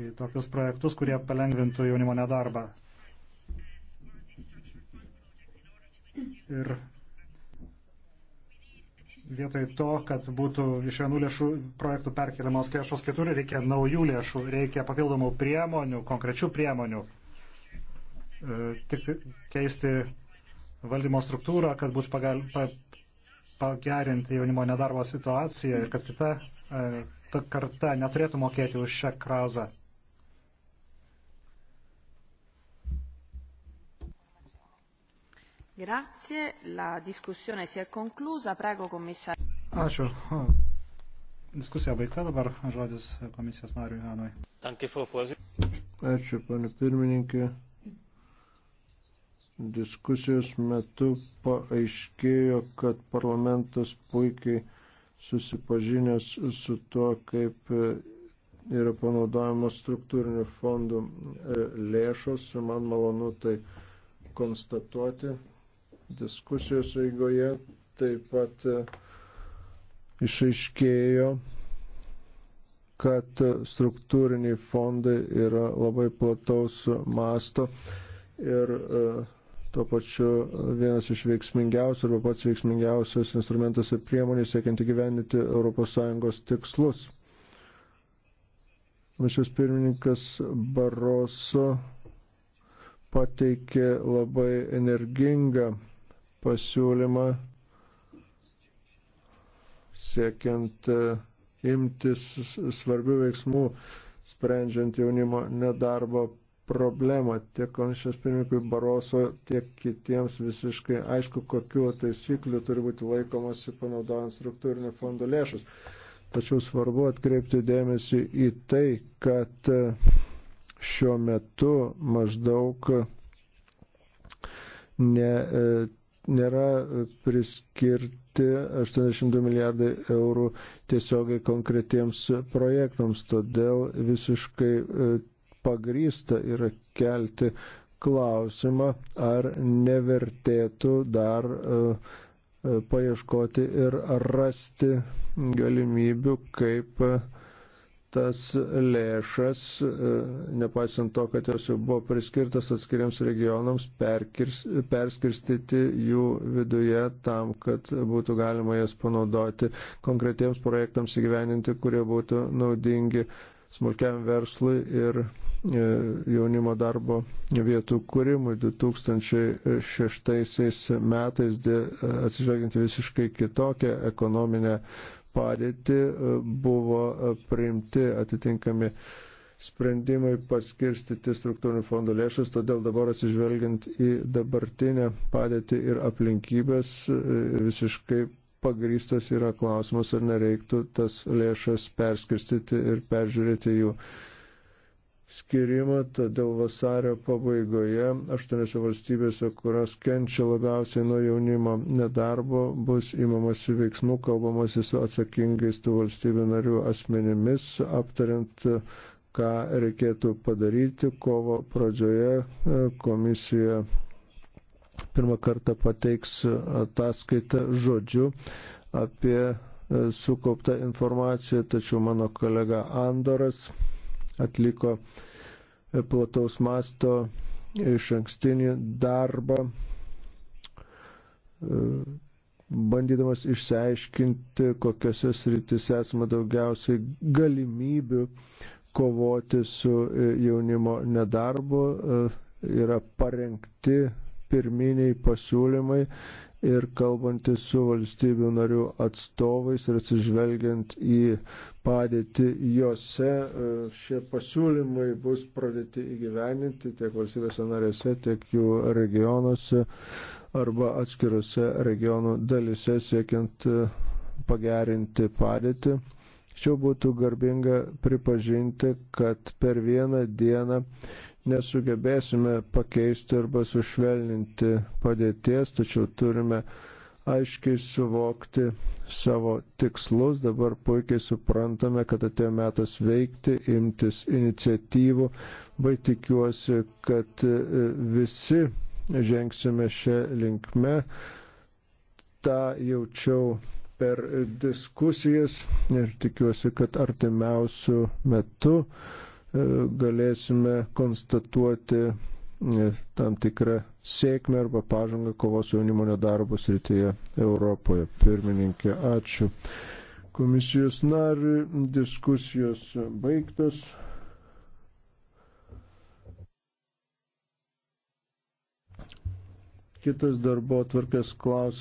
į tokius projektus, kurie palengvintų jaunimo nedarbą. Ir vietoj to, kad būtų iš vienų lėšų projektų perkeliamos lėšos kitur, reikia naujų lėšų, reikia papildomų priemonių, konkrečių priemonių. E, tik keisti valdymo struktūrą, kad būtų pagal, pa, pagerinti jaunimo nedarbo situaciją ir kad kita e, ta karta neturėtų mokėti už šią krazą. Grazie, la discussione si è conclusa. Prego, komisarė. Ačiū. Diskusija baigta dabar, žodis komisijos nariui Hanui. Ačiū, pane pirmininkė. Diskusijos metu paaiškėjo, kad parlamentas puikiai susipažinęs su tuo, kaip yra panaudojamos struktūrinių fondų e, lėšos. Man malonu tai konstatuoti diskusijos eigoje taip pat e, išaiškėjo, kad struktūriniai fondai yra labai plataus masto ir e, tuo pačiu vienas iš veiksmingiausių arba pats veiksmingiausias instrumentas ir priemonė siekiant įgyveninti ES tikslus. Mišės pirmininkas Baroso pateikė labai energingą pasiūlymą siekiant e, imtis svarbių veiksmų, sprendžiant jaunimo nedarbo problemą tiek komisijos pirmininkui Baroso, tiek kitiems visiškai aišku, kokiu taisykliu turi būti laikomasi panaudojant struktūrinio fondo lėšus. Tačiau svarbu atkreipti dėmesį į tai, kad e, šiuo metu maždaug ne e, nėra e, priskirti 82 milijardai eurų tiesiogiai konkretiems projektams, todėl visiškai e, pagrysta yra kelti klausimą, ar nevertėtų dar e, paieškoti ir rasti galimybių, kaip uh, tas lėšas, e, nepaisant to, kad jos jau buvo priskirtas atskiriams regionams, perkirs, perskirstyti jų viduje tam, kad būtų galima jas panaudoti konkretiems projektams įgyveninti, kurie būtų naudingi smulkiam verslui ir e, jaunimo darbo vietų kūrimui 2006 metais, e, atsižvelgiant visiškai kitokią ekonominę padėtį e, buvo e, priimti atitinkami sprendimai paskirstyti struktūrinių fondų lėšas, todėl dabar atsižvelgiant į dabartinę padėtį ir aplinkybės e, visiškai pagrystas yra klausimas, ar nereiktų tas lėšas perskirstyti ir peržiūrėti jų skirimą, todėl vasario pabaigoje aštuoniose valstybėse, kurios kenčia labiausiai nuo jaunimo nedarbo, bus įmamasi veiksmų, kalbamasi su atsakingais tų valstybių narių asmenimis, aptariant, ką reikėtų padaryti. Kovo pradžioje e, komisija pirmą kartą pateiks ataskaitą žodžiu apie e, sukauptą informaciją, tačiau mano kolega Andoras atliko e, plataus masto iš ankstinį darbą, e, bandydamas išsiaiškinti, kokiuose sritise esame daugiausiai galimybių kovoti su e, jaunimo nedarbu, yra parengti pirminiai pasiūlymai ir kalbantis su valstybių narių atstovais ir atsižvelgiant į padėtį jose, e, šie pasiūlymai bus pradėti įgyveninti tiek valstybėse narėse, tiek jų regionuose arba atskirose regionų dalise siekiant e, pagerinti padėtį. Čia būtų garbinga pripažinti, kad per vieną dieną nesugebėsime pakeisti arba sušvelninti padėties, tačiau turime aiškiai suvokti savo tikslus. Dabar puikiai suprantame, kad atėjo metas veikti, imtis iniciatyvų. Vai tikiuosi, kad e, visi žengsime šią linkmę. Ta jaučiau per diskusijas ir tikiuosi, kad artimiausių metų E, galėsime konstatuoti e, tam tikrą sėkmę arba pažangą kovos jaunimo nedarbo srityje Europoje. Pirmininkė, ačiū. Komisijos nariui diskusijos baigtas. Kitas darbo tvarkės klausimas.